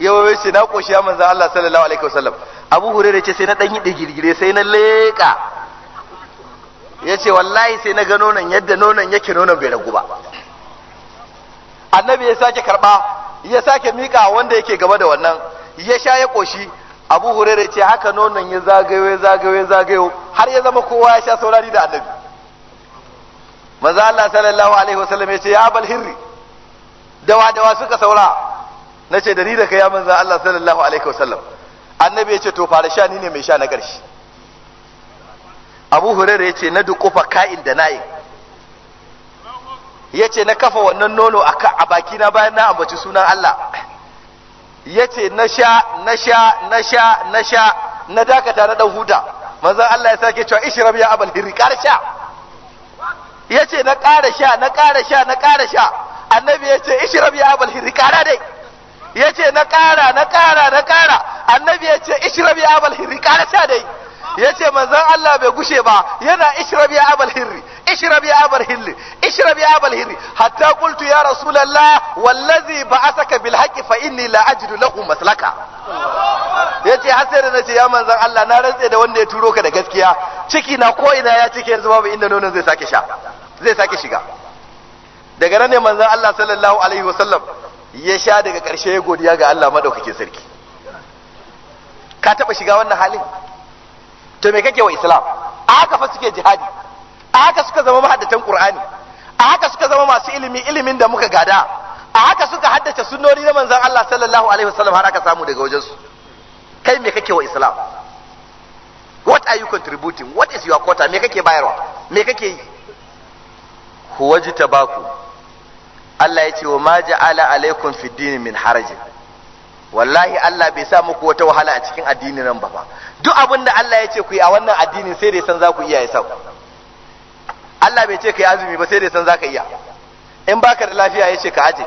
[SPEAKER 2] ya wayo sai na koshi ya manzo Allah sallallahu alaihi wasallam Abu da ce sai na dan yi digirgire sai na ya ce wallahi sai na ga nonon yadda nonon yake nonon bai ragu ba annabi ya sake karba ya sake mika wanda yake gaba da wannan ya sha ya koshi Abu da ce haka nonon ya zagayo ya zagayo ya zagayo har ya zama kowa ya sha saurari da annabi maza Allah sallallahu alaihi wasallam ya ce ya bal hirri dawa dawa suka saura na ce da ni da kai ya manzo Allah sallallahu alaihi wasallam annabi ya ce to fara sha ni ne mai sha na ƙarshe abu hurairu ya ce na fa ka'in da na'in ya ce na kafa wannan nono a baki na bayan na ambaci sunan Allah ya ce na sha na sha na sha na sha na dakata na dan huta manzan Allah ya sake cewa ishrab ya abal hirri ƙarsha ya ce na ƙara sha na ƙara sha na ƙara sha annabi ya ce ishirab ya abul hirri ƙara dai ya ce na ƙara na ƙara na ƙara annabi ya ce ishirab ya abul hirri ƙara sha dai yace manzon Allah bai gushe ba yana ishrab ya abal hirri ishrab ya abal hirri ishrab ya abal hirri hatta qultu ya rasulullah wallazi ba'athaka bil haqqi fa inni la ajidu lahu maslaka yace har sai da nace ya manzon Allah na rantse da wanda ya turo ka da gaskiya ciki na ko ina ya cike yanzu babu inda nonon zai sake sha zai sake shiga daga nan ne manzon Allah sallallahu alaihi wasallam ya sha daga karshe ya godiya ga Allah madaukakin sarki ka taba shiga wannan halin to me kake wa islam a haka fa suke jihadi a haka suka zama mahaddatan qur'ani a haka suka zama masu ilimi ilimin da muka gada a haka suka haddace sunnoni na manzon Allah sallallahu alaihi wasallam har aka samu daga wajensu kai me kake wa islam what are you contributing what is your quota me kake bayarwa me kake yi huwajtabaku Allah ya ce wa ma ja'ala alaikum fid din min harajin wallahi Allah bai sa muku wata wahala a cikin addinin nan ba duk abin da Allah ya ce ku yi a wannan addinin sai dai san za ku iya ya sa Allah bai ce ka yi azumi ba sai dai san za ka iya in baka da lafiya ya ce ka aje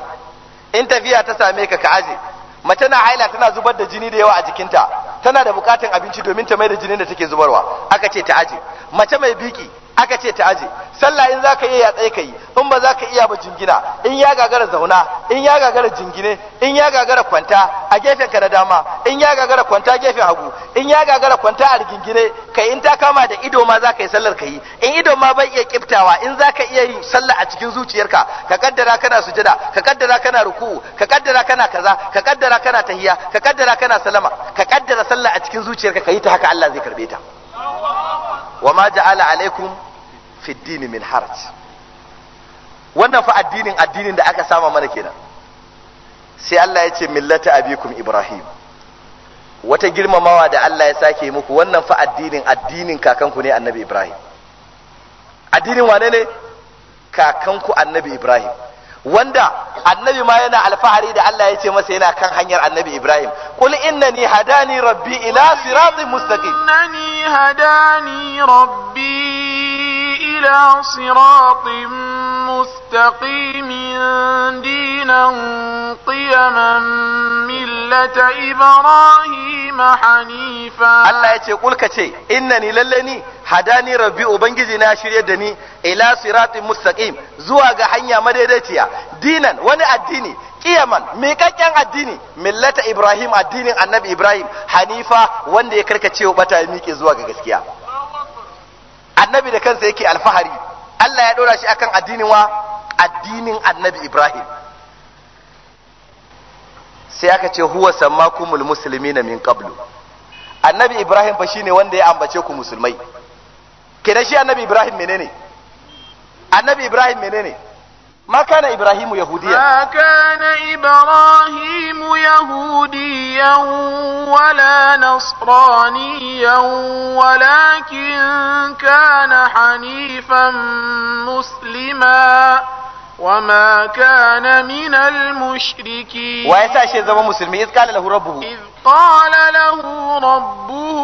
[SPEAKER 2] in tafiya ta same ka ka aje mace na haila tana zubar da jini da yawa a jikinta tana da bukatan abinci domin ta mai da jinin da take zubarwa aka ce ta aje mace mai biki aka ce ta aje sallah in zaka iya tsaye ka yi in ba zaka iya ba jingina in ya gagara zauna in ya gagara jingine in ya gagara kwanta a gefen ka da dama in ya gagara kwanta gefen hagu in ya gagara kwanta a rigingine kai in ta kama da ido ma zaka yi sallar ka yi in ido ma bai iya kiftawa in zaka iya yin sallah a cikin zuciyarka ka kaddara kana sujada ka kaddara kana ruku, ka kaddara kana kaza ka kaddara kana tahiya ka kaddara kana salama ka kaddara sallah a cikin zuciyarka ka yi ta haka Allah zai karbe ta wa ma ja'ala alaikum fi dini min haraj wannan fa addinin addinin da aka sama mana kenan sai Allah ya ce millata abikum ibrahim wata girmamawa da Allah ya sake muku wannan fa addinin addinin kakanku ne annabi ibrahim addinin wane ne kakanku annabi ibrahim wanda annabi ma yana alfahari da Allah ya ce masa yana kan hanyar annabi Ibrahim qul innani hadani rabbi ila
[SPEAKER 1] siratin mustaqim innani hadani rabbi إلى صراط مستقيم دينا قيما ملة إبراهيم حنيفا الله
[SPEAKER 2] يتي قل كتي إنني للني hadani rabbi ubangiji na shirye da ni ila siratin mustaqim zuwa ga hanya madaidaiciya dinan wani addini kiyaman miƙaƙƙen addini millata ibrahim addinin annabi ibrahim hanifa wanda ya karkace wa ɓata ya miƙe zuwa ga gaskiya annabi da kansa yake alfahari Allah ya dora shi akan addinin wa addinin annabi Ibrahim sai aka ce huwa sammakumul muslimina min qablu annabi Ibrahim fa shine wanda ya ambace ku musulmai kenan shi annabi Ibrahim menene annabi Ibrahim menene ما كان إبراهيم يهوديا ما
[SPEAKER 1] كان إبراهيم يهوديا ولا نصرانيا ولكن كان حنيفا مسلما وما كان من المشركين وإذا
[SPEAKER 2] شيء زمان مسلمي إذ قال له
[SPEAKER 1] ربه إذ قال له ربه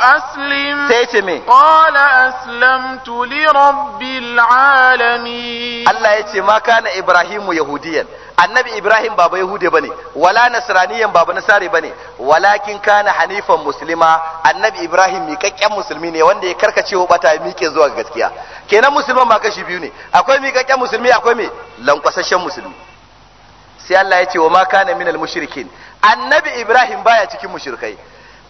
[SPEAKER 1] أسلم سيتمي قال أسلمت لرب العالمين
[SPEAKER 2] الله يتي ما كان إبراهيم يهوديا النبي إبراهيم بابا يهودي بني ولا نصرانيا بابا نصاري بني ولكن كان حنيفا مسلما النبي إبراهيم ميكاكيا مسلمين يواند وانده يكركتي وبتا ميكي زوا غتكيا كينا مسلما ما كشي بيوني أكوي ميكاكيا مسلمي أكوي مي لنقصة شم sai Allah ya ce wa ma kana minal annabi ibrahim baya cikin mushrikai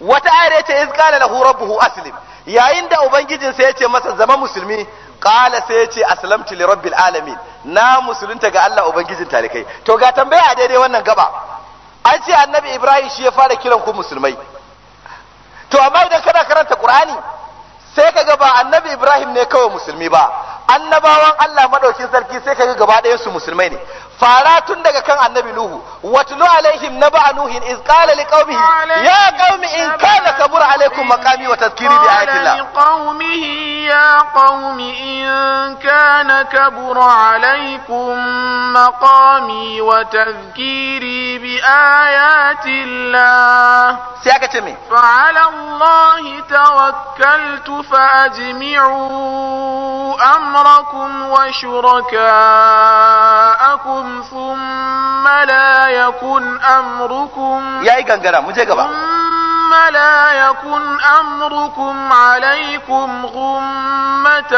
[SPEAKER 2] wata ayar ce iz qala lahu rabbuhu aslim yayin da ubangijin sa yace masa zama musulmi qala sai yace aslamtu li rabbil alamin na musulunta ga Allah ubangijin talikai to ga tambaya daidai wannan gaba an ce annabi ibrahim shi ya fara kiran ku musulmai to amma idan kana karanta qur'ani sai kaga ba annabi ibrahim ne kawai musulmi ba annabawan Allah madaukin sarki sai kaga gaba ɗaya su musulmai ne fara tun daga kan annabi nuhu watlu alaihim naba nuhin iz qala liqaumihi ya qaumi in kana kabura alaikum maqami wa tadhkiri bi ayati Allah
[SPEAKER 1] qaumihi ya qaumi in kana kabura alaikum maqami wa tadhkiri bi ayati Allah sai aka ce me fa ala Allah tawakkaltu fa ajmi'u amra أمركم وشركاءكم ثم لا يكن أمركم
[SPEAKER 2] يا إيقان قرام مجيقبا ثم
[SPEAKER 1] ثم لا يكن أمركم عليكم غمة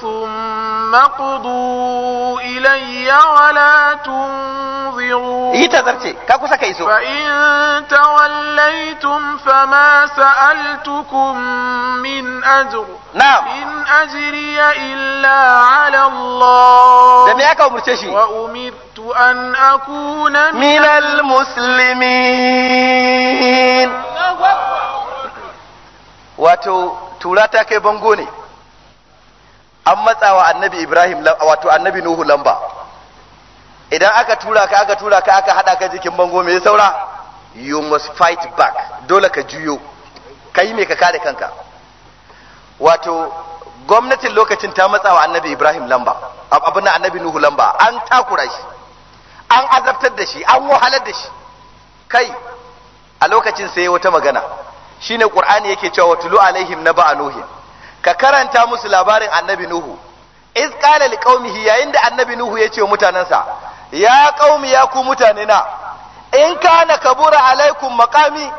[SPEAKER 1] ثم قضوا إلي ولا
[SPEAKER 2] تنظروا إيه
[SPEAKER 1] فإن توليتم فما سألتكم من أجر نعم إن أجري إلا على الله وأمرت أن أكون من, المسلمين
[SPEAKER 2] واتو تولata kai bango ne an matsawa annabi ibrahim wato annabi nuhu lamba idan aka tura ka aka tura ka aka hada ka jikin bango mai saura you must fight back dole ka juyo ka yi mai ka kare kanka wato gwamnatin lokacin ta matsawa annabi ibrahim lamba abin annabi nuhu lamba an takura shi an azabtar da shi an wahalar da shi kai a lokacin sai wata magana shine qur'ani yake cewa tulu alaihim naba nuhi ka karanta musu labarin annabi nuhu iz qala liqaumihi yayin da annabi nuhu ya ce mutanansa ya qaumi ya ku mutane na in kana kabura alaikum maqami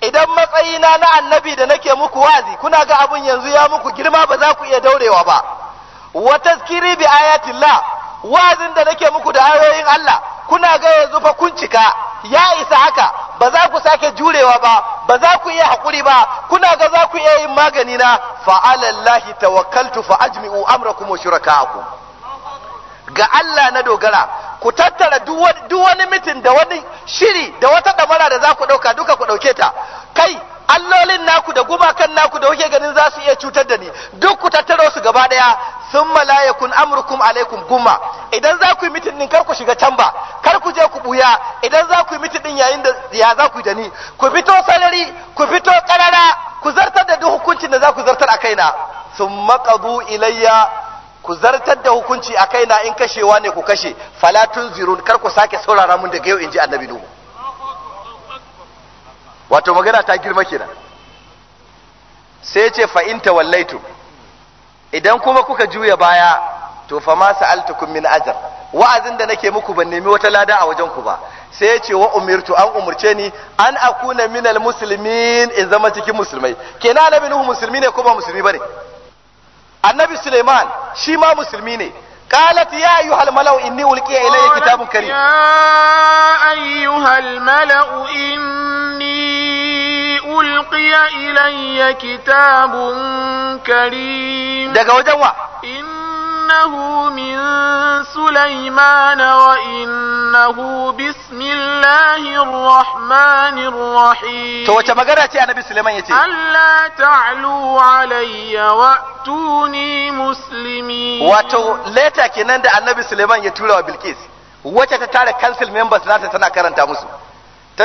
[SPEAKER 2] idan matsayina na annabi da nake muku wazi kuna ga abun yanzu ya muku girma ba za ku iya daurewa ba wa tazkiri bi ayatillah wa'azin da nake muku da ayoyin Allah kuna ga yanzu fa kun cika ya isa haka ba za ku sake jurewa ba ba za ku iya hakuri ba kuna ga za ku iya yin magani na fa alallahi tawakkaltu fa ajmi'u amrakum wa shurakaakum ga Allah na dogara ku tattara duk wani mitin da wani shiri da wata damara da za ku ɗauka duka ku ɗauke ta kai allolin naku da gumakan naku da kuke ganin za su iya cutar da ni duk ku tattaro su gaba daya sun malayakun amurkum alaikum gumma idan za ku yi mitin din kar ku shiga can ba kar ku je ku buya idan za ku yi mitin din yayin da ya za ku yi da ni ku fito sarari ku fito karara ku zartar da duk hukuncin da za ku zartar a kaina sun maƙabu ilayya ku zartar da hukunci a kaina in kashewa ne ku kashe falatun zirun kar ku sake saurara mun daga yau in ji annabi nuhu wato magana ta girma kenan sai ce fa'inta in idan kuma kuka juya baya to fa ma sa'altukum min ajar, wa'azin da nake muku ban nemi wata lada a wajen ku ba sai ce wa umirtu an umurce ni an akuna minal musulmin in zama cikin musulmai kenan annabi nuhu musulmi ne ko ba musulmi bane annabi suleiman shi ma musulmi ne قالت يا أيها الملأ إني ألقي إلي كتاب كريم
[SPEAKER 1] يا أيها الملأ إني Wulkiya ilai ya kitabun Karim. Daga wajen wa. Inna humin wa in na rahmanir rahi. To wace magara
[SPEAKER 2] ce anabin Suleiman ya ce?
[SPEAKER 1] Allah alayya wa tuni musulmi.
[SPEAKER 2] Wata leta kenan da anabin Suleiman ya tura wa Bilkis wacce ta tare kansil membas na sai tana karanta musu.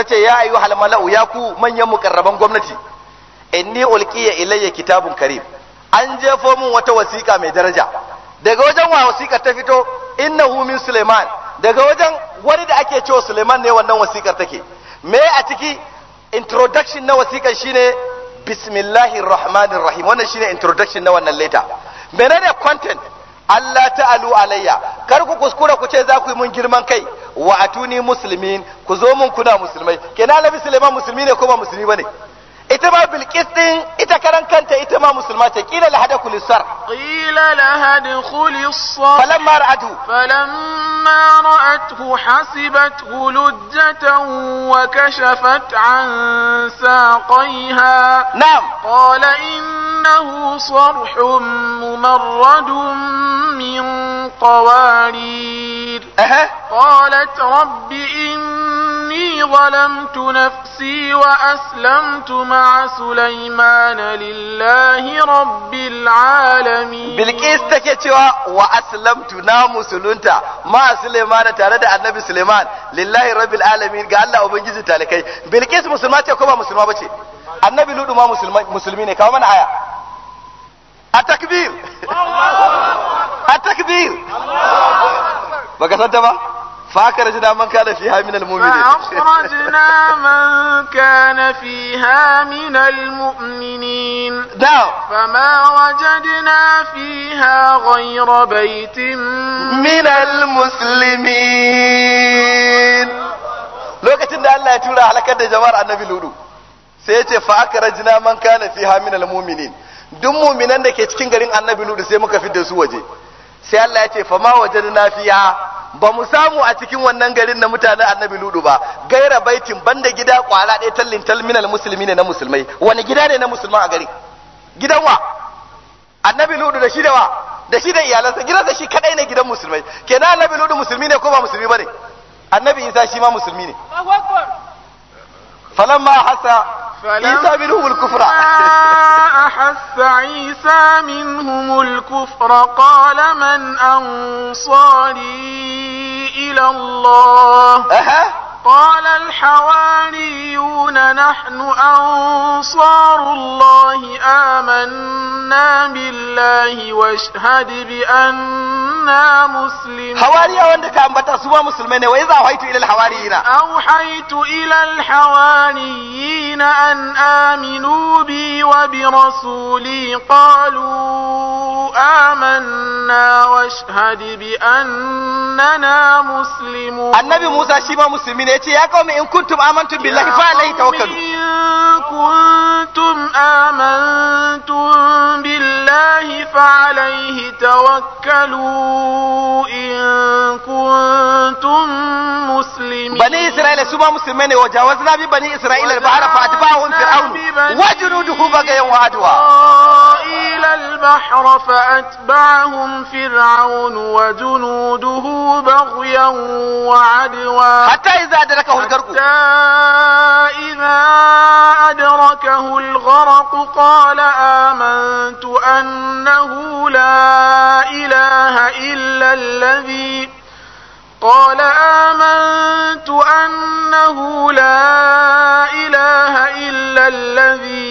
[SPEAKER 2] ce ya ayu malau ya ku manyan mukarraban gwamnati inni ulqiya ilayya kitabun karim an jefo min wata wasiƙa mai daraja daga wajen wa wasiƙar ta fito innahu min suleiman daga wajen wani da ake cewa suleiman ne wannan wasiƙar take me a ciki introduction na wasiƙar shine bismillahir rahmanir rahim wannan shine introduction na wannan leta menene content Allah ta'alu alayya kar ku kuskura ku ce za ku yi mun girman kai wa atuni muslimin ku zo mun kuna musulmai kenan Annabi Sulaiman musulmi ne ko ba musulmi bane ita ma bilkis din ita karan kanta ita ma musulma ce kila la hada kulisar qila
[SPEAKER 1] la hada kulisar falamma ra'atu falamma ra'atu hasibat lujjatan wa kashafat an saqiha na'am qala innahu sarhun mumarradun min qawarir qalat rabbi inni ظلمت نفسي وأسلمت مع مع سليمان لله رب العالمين بلقيس
[SPEAKER 2] take cewa wa aslamtu na musulunta ma Sulaiman tare da Annabi Sulaiman lillahi rabbil alamin ga Allah ubangiji talakai Bilqis Annabi Ludu ma musulmi ne kawo mana aya at-takbir at-takbir baka santa ba فأخرجنا من كان فيها من المؤمنين
[SPEAKER 1] فأخرجنا من كان فيها من المؤمنين نعم فما وجدنا فيها غير بيت من المسلمين
[SPEAKER 2] lokacin da Allah ya tura halakar da jama'ar annabi ludu sai ya ce fa akrajna man kana fiha min almu'minin duk mu'minan da ke cikin garin annabi ludu sai muka fidda su waje sai Allah ya ce fama ma wajadna fiha ba mu samu a cikin wannan garin na mutanen annabi ludu ba gaira baitin banda gida kwala ɗaya tallin talminal musulmi ne na musulmai wani gida ne na musulman a gari. gidan wa annabi ludu da shi da wa da shi da iyalansa gidansa shi kadai ne gidan musulmai kenan annabi ludu musulmi ne ko ba musulmi bane annabi isa shi ma musulmi ne falamma hasa
[SPEAKER 1] عيسى منهم الكفر أحس عيسى منهم الكفر قال من أنصاري إلى الله أه. قال الحواريون نحن أنصار الله آمنا بالله واشهد بأننا مسلمون حواري وانت كان بتسوى مسلمين وإذا أوحيت إلى الحواريين أوحيت إلى الحواريين أن آمنوا بي وبرسولي قالوا آمنا واشهد بأننا مسلمون النبي موسى شيما مسلمين yace ya kawo in kuntum amantum billahi fa alayhi tawakkalu kuntum amantum billahi fa alaihi tawakkalu in kuntum muslimin bani isra'ila su ba musulmai ne wajawazna zabi bani isra'ila al-bahra fa atba'ahum fir'aun wa junuduhu bagayan wa adwa البحر فأتبعهم فرعون وجنوده بغيا وعدوا حتى إذا أدركه الغرق حتى إذا أدركه الغرق قال آمنت أنه لا إله إلا الذي قال آمنت أنه لا إله إلا الذي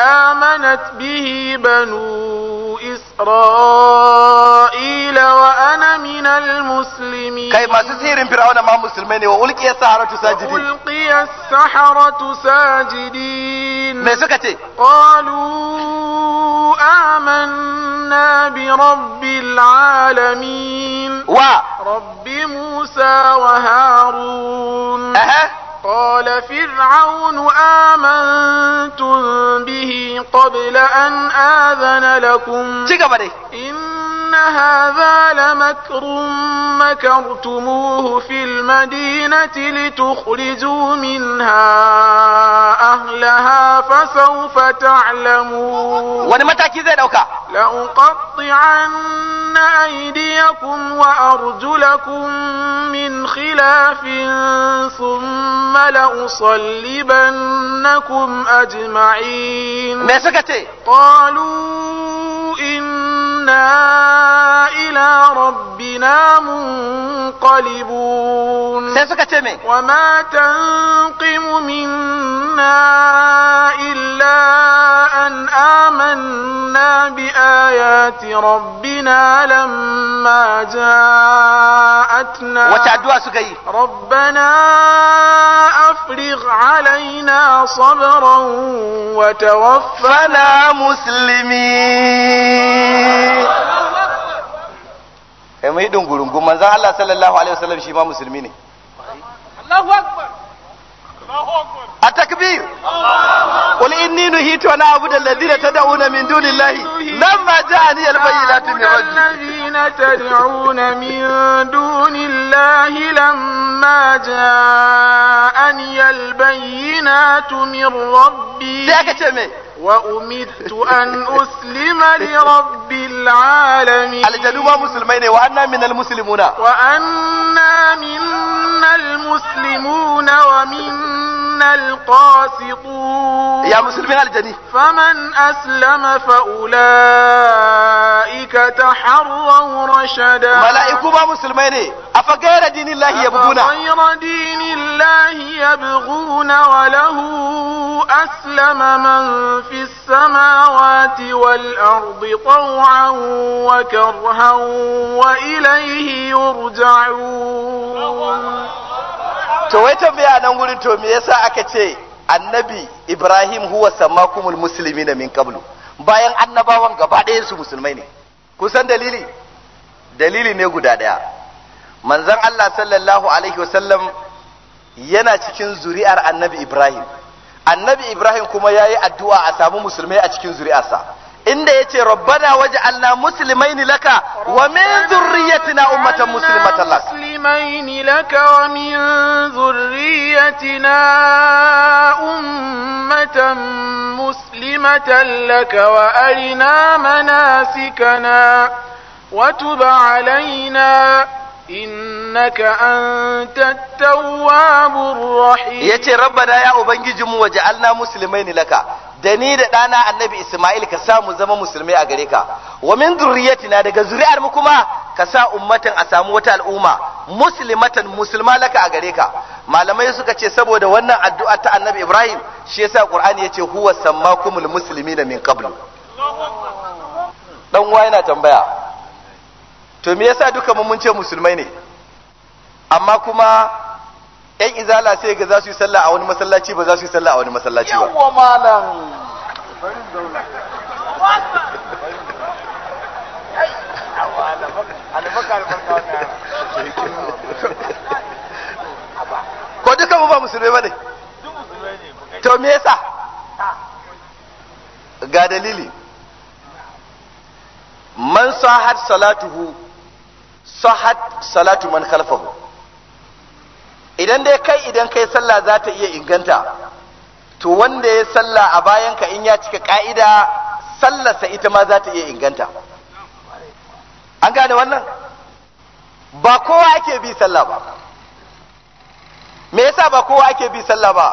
[SPEAKER 1] آمنت به بنو إسرائيل وأنا من المسلمين كي ما تسير فرعون مع مسلمين وألقي السحرة ساجدين وألقي السحرة ساجدين ما سكتي قالوا آمنا برب العالمين و رب موسى وهارون أه. قال فرعون آمنتم به قبل أن آذن لكم إن إن هذا لمكر مكرتموه في المدينة لتخرجوا منها أهلها فسوف تعلمون لأقطعن أيديكم وأرجلكم من خلاف ثم لأصلبنكم أجمعين قالوا إنا إلى ربنا منقلبون وما تنقم منا إلا أن آمنا بآيات ربنا لما جاءتنا ربنا أفرغ علينا صبرا وتوفنا مسلمين
[SPEAKER 2] kai mai dungurungun manzon Allah sallallahu alaihi wasallam shi ma musulmi ne Allahu akbar a takbir
[SPEAKER 1] Allahu
[SPEAKER 2] qul inni nuhitu an a'budu alladhina tad'una min dunillahi لما جاءني البينات من
[SPEAKER 1] ربي الذين تدعون من دون الله لما جاءني البينات من ربي وأمرت أن أسلم لرب العالمين الجنوب مسلمين وأنا من المسلمون وأنا منا المسلمون ومنا هم القاسطون يا مسلمين الجني فمن أسلم فأولئك تحروا رشدا ملائكة ما مسلمين أفغير دين الله يبغون أفغير دين الله يبغون وله أسلم من في السماوات والأرض طوعا وكرها وإليه يرجعون
[SPEAKER 2] to wai tambaya nan gurin to me yasa aka ce annabi ibrahim huwa sammakumul muslimina min qablu bayan annabawan gaba ɗaya su musulmai ne kusan dalili dalili ne guda ɗaya manzon Allah sallallahu alaihi wasallam yana cikin zuri'ar annabi ibrahim annabi ibrahim kuma ya yi addu'a a samu musulmai a cikin zuri'arsa inda yace rabbana waj'alna muslimain
[SPEAKER 1] laka wa min dhurriyyatina ummatan muslimatan lak muslimain laka wa min dhurriyyatina ummatan muslimatan laka wa arina manasikana wa tub alaina innaka anta tawwabur rahim
[SPEAKER 2] yace rabbana ya ubangijinmu waja'alna muslimaini laka da ni da ɗana annabi Ismail ka sa mu zama musulmai a gare ka wa min zurriyatina daga zuri'ar mu kuma ka sa ummatan a samu wata al'umma muslimatan musulma laka a gare ka malamai suka ce saboda wannan addu'a ta annabi Ibrahim shi yasa Qur'ani yace huwa sammakumul muslimina min qablu dan uwa yana tambaya to me yasa duka mun ce musulmai ne amma kuma yan izala sai ga za su yi sallah a wani masallaci ba za su yi sallah a wani masallaci ba
[SPEAKER 1] yawa malam
[SPEAKER 2] ko duka mu ba musulmai ba ne to me yasa ga dalili man sahat salatuhu sahat salatu man khalfahu idan dai kai idan kai sallah za ta iya inganta to wanda ya sallah a bayanka in ya cika ka'ida sallarsa ita ma za ta iya inganta an gane wannan ba kowa ake bi sallah ba me yasa ba kowa ake bi sallah ba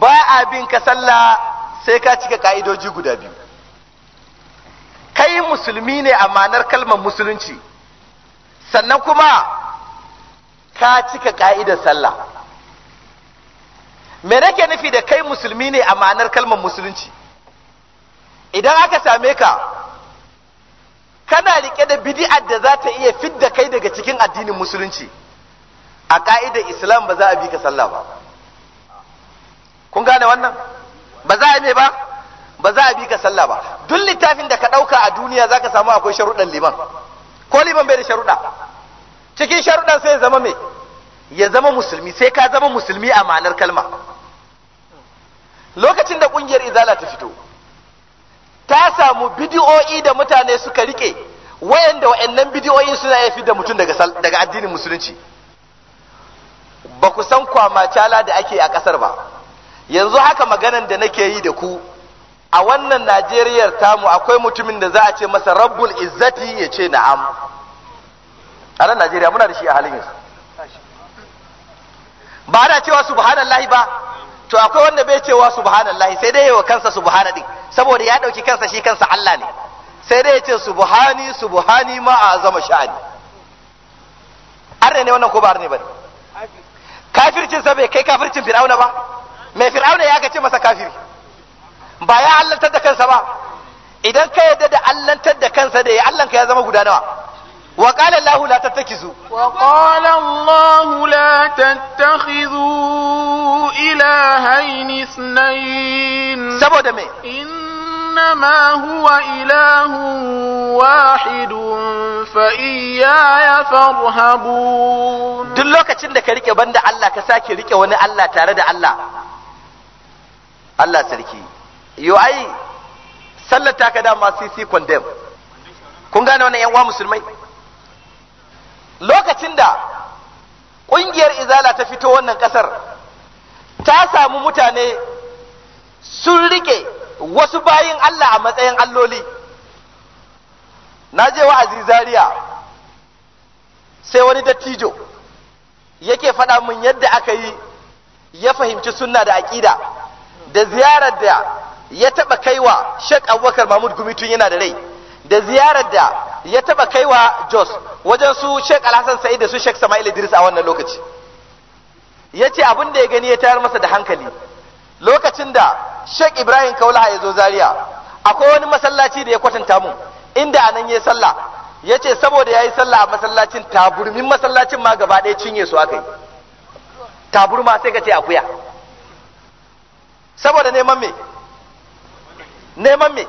[SPEAKER 2] ba a bin ka sallah sai ka cika ka'idoji guda biyu kai musulmi ne amanar kalmar musulunci sannan kuma ka cika ka'idar sallah me nake nufi da kai musulmi ne a ma'anar kalmar musulunci idan aka same ka kana rike da bid'ar da za ta iya fidda kai daga cikin addinin musulunci a ka'idar islam ba za a bi ka sallah ba kun gane wannan ba za a me ba ba za a bi ka sallah ba duk littafin da ka ɗauka a duniya za ka samu akwai sharuɗan liman ko liman bai da sharuɗa cikin sharuɗan sai zama me ya zama musulmi sai ka zama musulmi a ma'anar kalma lokacin da ƙungiyar izala ta fito ta samu bidiyo'i da mutane suka rike wayanda wayannan bidiyo'in suna yafi da mutum daga addinin musulunci ba ku san kwamacala da ake a ƙasar ba yanzu haka maganan da nake yi da ku a wannan najeriyar tamu akwai mutumin da za a ce masa rabbul izzati ya ce na'am a nan najeriya muna da shi a halin yanzu ba da cewa subhanallahi ba to akwai wanda bai cewa subhanallahi sai dai yawa kansa subhana din saboda ya dauki kansa shi kansa Allah ne sai dai ya ce subhani subhani ma a zama sha'ani arne ne wannan ko ba arne bane kafircin sa bai kai kafircin fir'auna ba mai fir'auna ya ga ce masa kafiri ba ya allantar da kansa ba idan ka yadda da allantar da kansa da ya allanka ya zama guda nawa wa qala allah la tattakizu
[SPEAKER 1] wa qala allah la tattakhizu ilahayn isnayn saboda me إنما هو إله واحد فإياي فارهبون duk lokacin da
[SPEAKER 2] ka rike banda Allah ka sake rike wani Allah tare da Allah Allah sarki yo ai sallar ta ka dama sisi condemn kun gane wannan yan uwa musulmai lokacin da kungiyar izala ta fito wannan kasar ta samu mutane sun rike wasu bayin Allah a matsayin alloli na je wa'azi zaria sai wani dattijo yake faɗa min yadda aka yi ya fahimci sunna da aƙida da ziyarar da ya taba kaiwa Sheikh Abubakar Mahmud Gumi tun yana da rai da ziyarar da ya taba kaiwa Jos wajen su Sheikh Alhassan Sa'id da su Sheikh Sama'il Idris a wannan lokaci yace abin da ya gani ya tayar masa da hankali lokacin da Sheikh Ibrahim Kaulaha ya zo Zaria akwai wani masallaci da ya kwatanta mu inda anan yayi sallah yace saboda yayi sallah a masallacin taburmin masallacin ma gaba ɗaya cinye su akai taburma sai ka ce akuya saboda neman me neman me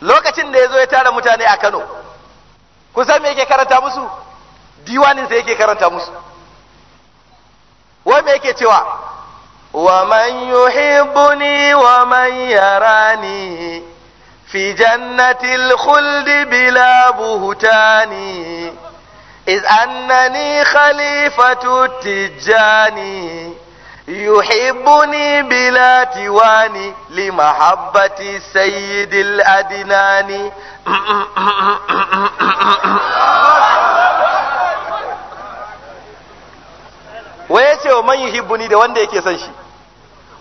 [SPEAKER 2] lokacin da ya zo ya tara mutane a kano kusan me yake karanta musu sai yake karanta musu wai me yake cewa wa man yuhibbuni wa man yarani fi jannatil khuldi bila buhtani iz annani khalifatu tijani يحبني بلا تواني لمحبة سيد الأدنان ويسي ce wa ده وانده da wanda yake son shi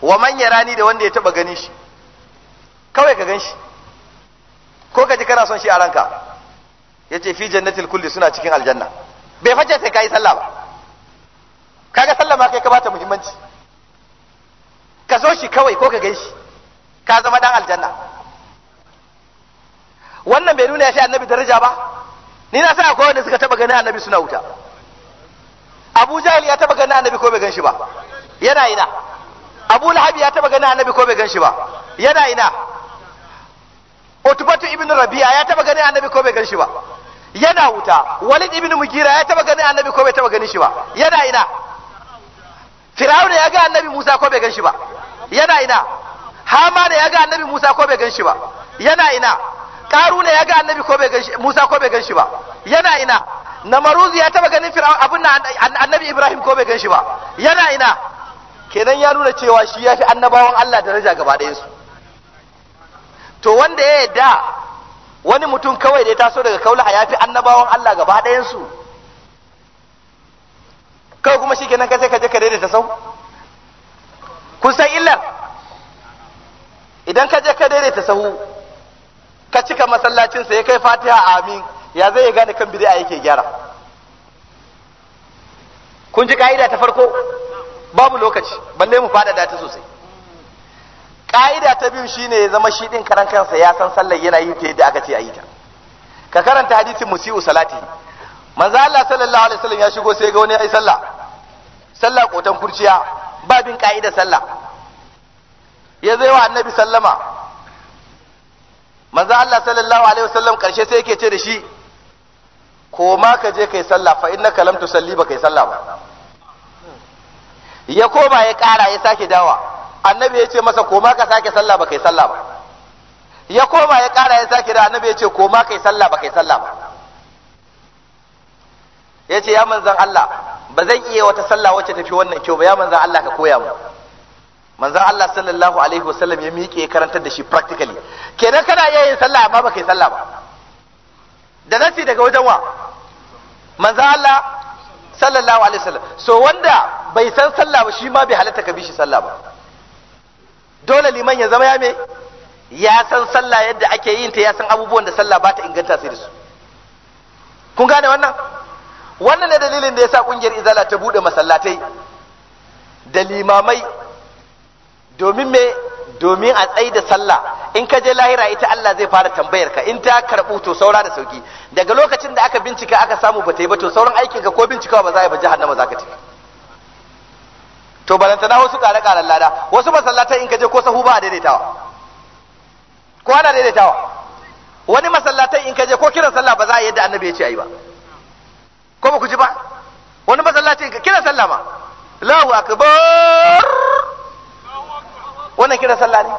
[SPEAKER 2] wa man yarani da wanda ya taba gani shi kawai ka gan shi ko ka ji kana son shi a ranka ce fi jannatil kulli suna cikin aljanna bai face sai yi sallah ba kaga sallah ma kai ka bata muhimmanci ka so shi kawai ko ka gan shi ka zama dan aljanna wannan bai nuna ya shi annabi daraja ba ni na sa akwai wanda suka taba ganin annabi suna wuta abu jahil ya taba ganin annabi ko bai gan shi ba yana ina abu lahab ya taba ganin annabi ko bai gan shi ba yana ina utbatu ibnu rabi'a ya taba ganin annabi ko bai gan shi ba yana wuta walid ibnu mugira ya taba ganin annabi ko bai taba ganin shi ba yana ina firawuna ya ga annabi musa ko bai gan shi ba yana ina hama ne ya ga annabi musa ko bai gan shi ba yana ina karu ne ya ga annabi ko bai ganshi Musa ko bai ganshi ba yana ina namaruzi ya taba ganin fir'aun abin nan annabi Ibrahim ko bai ganshi ba yana ina kenan ya nuna cewa shi yafi annabawan Allah daraja gaba ɗayan su to wanda ya yadda wani mutum kawai da ya taso daga ya yafi annabawan Allah gaba ɗayan su kawai kuma kenan kai sai ka je ka daidaita sau kun san illar idan ka je ka daidaita sahu ka cika masallacin sa ya kai fatiha amin ya zai ya gane kan bid'a yake gyara kun ji ka'ida ta farko babu lokaci balle mu fada ta sosai ka'ida ta biyu shine ya zama shi din karan kansa ya san sallar yana yi ta yadda aka ce a yi ta ka karanta hadisin musiu salati manzo Allah sallallahu alaihi wasallam ya shigo sai ga wani ya yi sallah sallah kotan kurciya babin ka'idar sallah ya zai wa annabi sallama manzo Allah sallallahu alaihi wasallam karshe sai yake ce da shi ko ma ka je kai sallah fa innaka lam tusalli ba kai sallah ba ya koma ya kara ya sake dawa annabi ya ce masa ko ma ka sake sallah ba kai sallah ba ya koma ya kara ya sake dawa annabi ya ce ko ma kai sallah ba kai sallah ba ya ce ya manzan Allah ba zan iya wata sallah wacce tafi wannan kyau ba ya manzan Allah ka koya mu manzan Allah sallallahu alaihi wasallam ya miƙe karantar da shi practically kenan kana iya yin sallah amma baka yi sallah ba da nasi daga wajen wa manzan Allah sallallahu alaihi wasallam so wanda bai san sallah ba shi ma bai halatta ka bi shi sallah ba dole liman ya zama ya me ya san sallah yadda ake yin ta ya san abubuwan da sallah ba ta inganta sai da su kun gane wannan wannan ne dalilin da yasa kungiyar izala ta bude masallatai da limamai domin me domin a tsayi da sallah in ka je lahira ita Allah zai fara tambayar ka in ta karbu to saura da sauki daga lokacin da aka bincika aka samu ta yi ba to sauran aikin ka ko bincikawa ba za yi ba jahannama zaka tafi to balantana wasu kare karen lada wasu masallatai in ka je ko sahu ba a daidaitawa ko ana daidaitawa wani masallatai in ka je ko kiran sallah ba za a yadda annabi ya ce ayi ba ko ba ku ji ba wani masallacin ka kira sallah ma Allahu akbar wannan kira sallah ne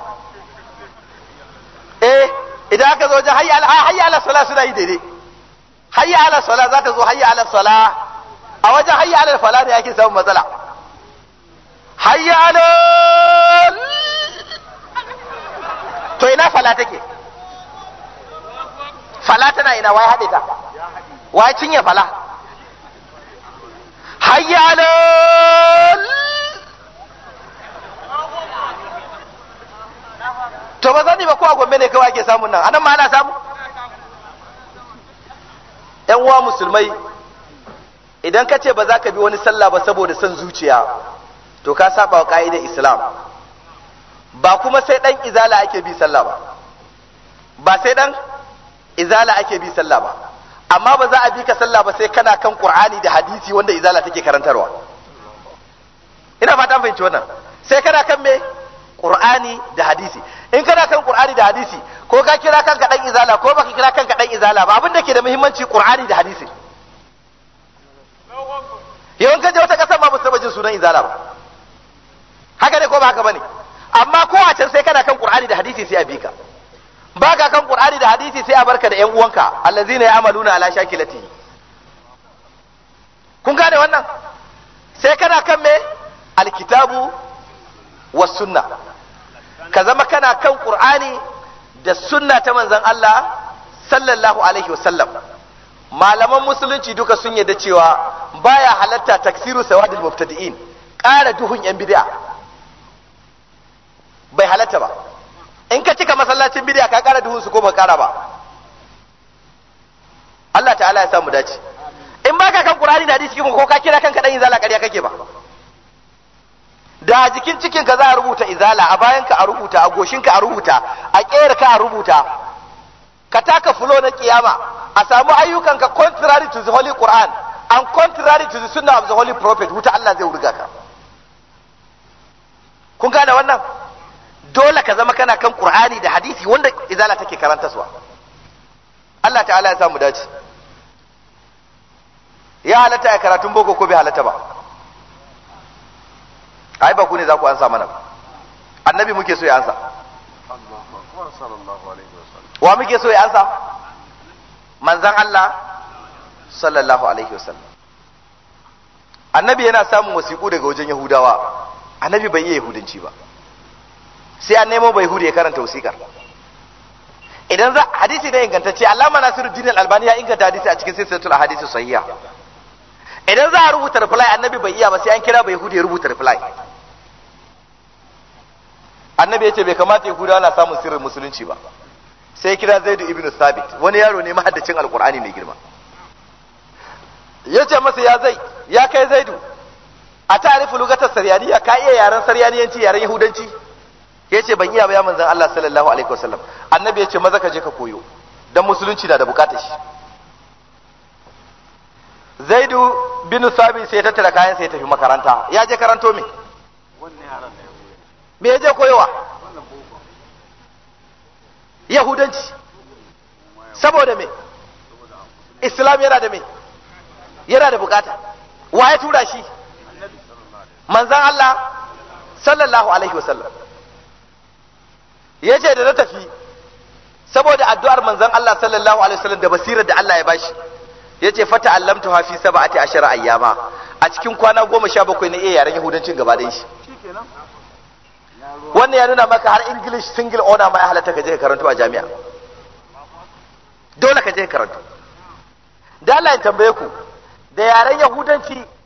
[SPEAKER 2] eh idan aka zo wajen hayya ala ah, hayya ala sala suna yi daidai hayya ala sala za ta zo hayya ala sala a wajen hayya ala fala ne ake samun matsala hayya ala to ina fala take fala tana ina wai haɗe ta wai cinye fala hayya alal to ba yi ba ko a gombe ne kawai ke samun nan anan ma ana samu yan uwa musulmai idan ka ce ba za ka bi wani sallah ba saboda son zuciya to ka saba wa ka'idar islam ba kuma sai dan izala ake bi sallah ba ba sai dan izala ake bi sallah ba amma ba za a bi ka sallah ba sai kana kan qur'ani da hadisi wanda izala take karantarwa ina fata an fahimci wannan sai kana kan me qur'ani da hadisi in kana kan qur'ani da hadisi ko ka kira kanka dan izala ko baka kira kanka dan izala ba abin da ke da muhimmanci qur'ani da hadisi yawan kaje wata kasar ba musu jin sunan izala ba haka ne ko ba haka bane amma ko a can sai kana kan qur'ani da hadisi sai a bi ka Baka kan qur'ani da hadisi sai a barka da yan uwanka allazina ya'maluna ala shakilatihi kun gane wannan sai kana kan me alkitabu was sunna ka zama kana kan qur'ani da sunna ta manzon Allah sallallahu alaihi wasallam malaman musulunci duka sun yarda cewa baya halatta taksiru sawadil mubtadi'in ƙara duhun yan bid'a bai halatta ba in ka cika masallacin bidiya ka kara duhun su ko ba kara ba Allah ta'ala ya samu dace in ba ka kan Qur'ani da hadisi ko ka kira kanka dan izala kariya kake ba da jikin cikin ka za a rubuta izala a bayan ka a rubuta a goshin ka a rubuta a kera ka a rubuta ka taka fulo na kiyama a samu ayyukan ka contrary to the holy Quran and contrary to the sunnah of the holy prophet wuta Allah zai wurga ka kun gane wannan dole ka zama kana kan qur'ani da hadisi wanda izala take karanta suwa Allah ta'ala ya samu dace ya halatta ya karatun boko ko bai halatta ba ai ba ku ne za ku ansa mana annabi muke so ya ansa wa muke so ya ansa manzan Allah sallallahu alaihi wasallam annabi yana samun wasiƙu daga wajen yahudawa annabi bai iya yahudanci ba sai an nemo bai hude ya karanta wasikar idan za hadisi na ingantacce alama na sirri al-albani ya inganta hadisi a cikin silsilatul hadisi sahiya. idan za a rubuta reply annabi bai iya ba sai an kira bai hude ya rubuta reply annabi ya ce bai kamata ya hudu ana samun sirrin musulunci ba sai kira zaidu ibn sabit wani yaro ne mahaddacin alkur'ani mai girma ya ce masa ya zai ya kai zaidu a ta'arifu lugatar saryaniya ka iya yaren saryaniyanci yaren yahudanci ya ce ban iya ba ya manzan Allah sallallahu alaihi wasallam annabi ya ce maza ka je ka koyo dan musulunci na da bukatar shi zaidu bin sabi sai ta tara kayan sai tafi makaranta ya je karanto me me ya je koyowa yahudanci saboda me islam yana da me yana da bukata wa ya tura shi manzan Allah sallallahu alaihi wasallam ya ce da na tafi saboda addu'ar manzon Allah sallallahu alaihi wasallam da basirar da Allah ya bashi ya ce fata allamtu hafi saba'ati ashara ayyama a cikin kwana goma sha bakwai na iya eh, yaren yahudancin gaba da shi wannan ya nuna maka har english single owner ma ya halatta ka je ka karanta a jami'a dole ka je ka karanta da Allah ya tambaye ku da yaren yahudanci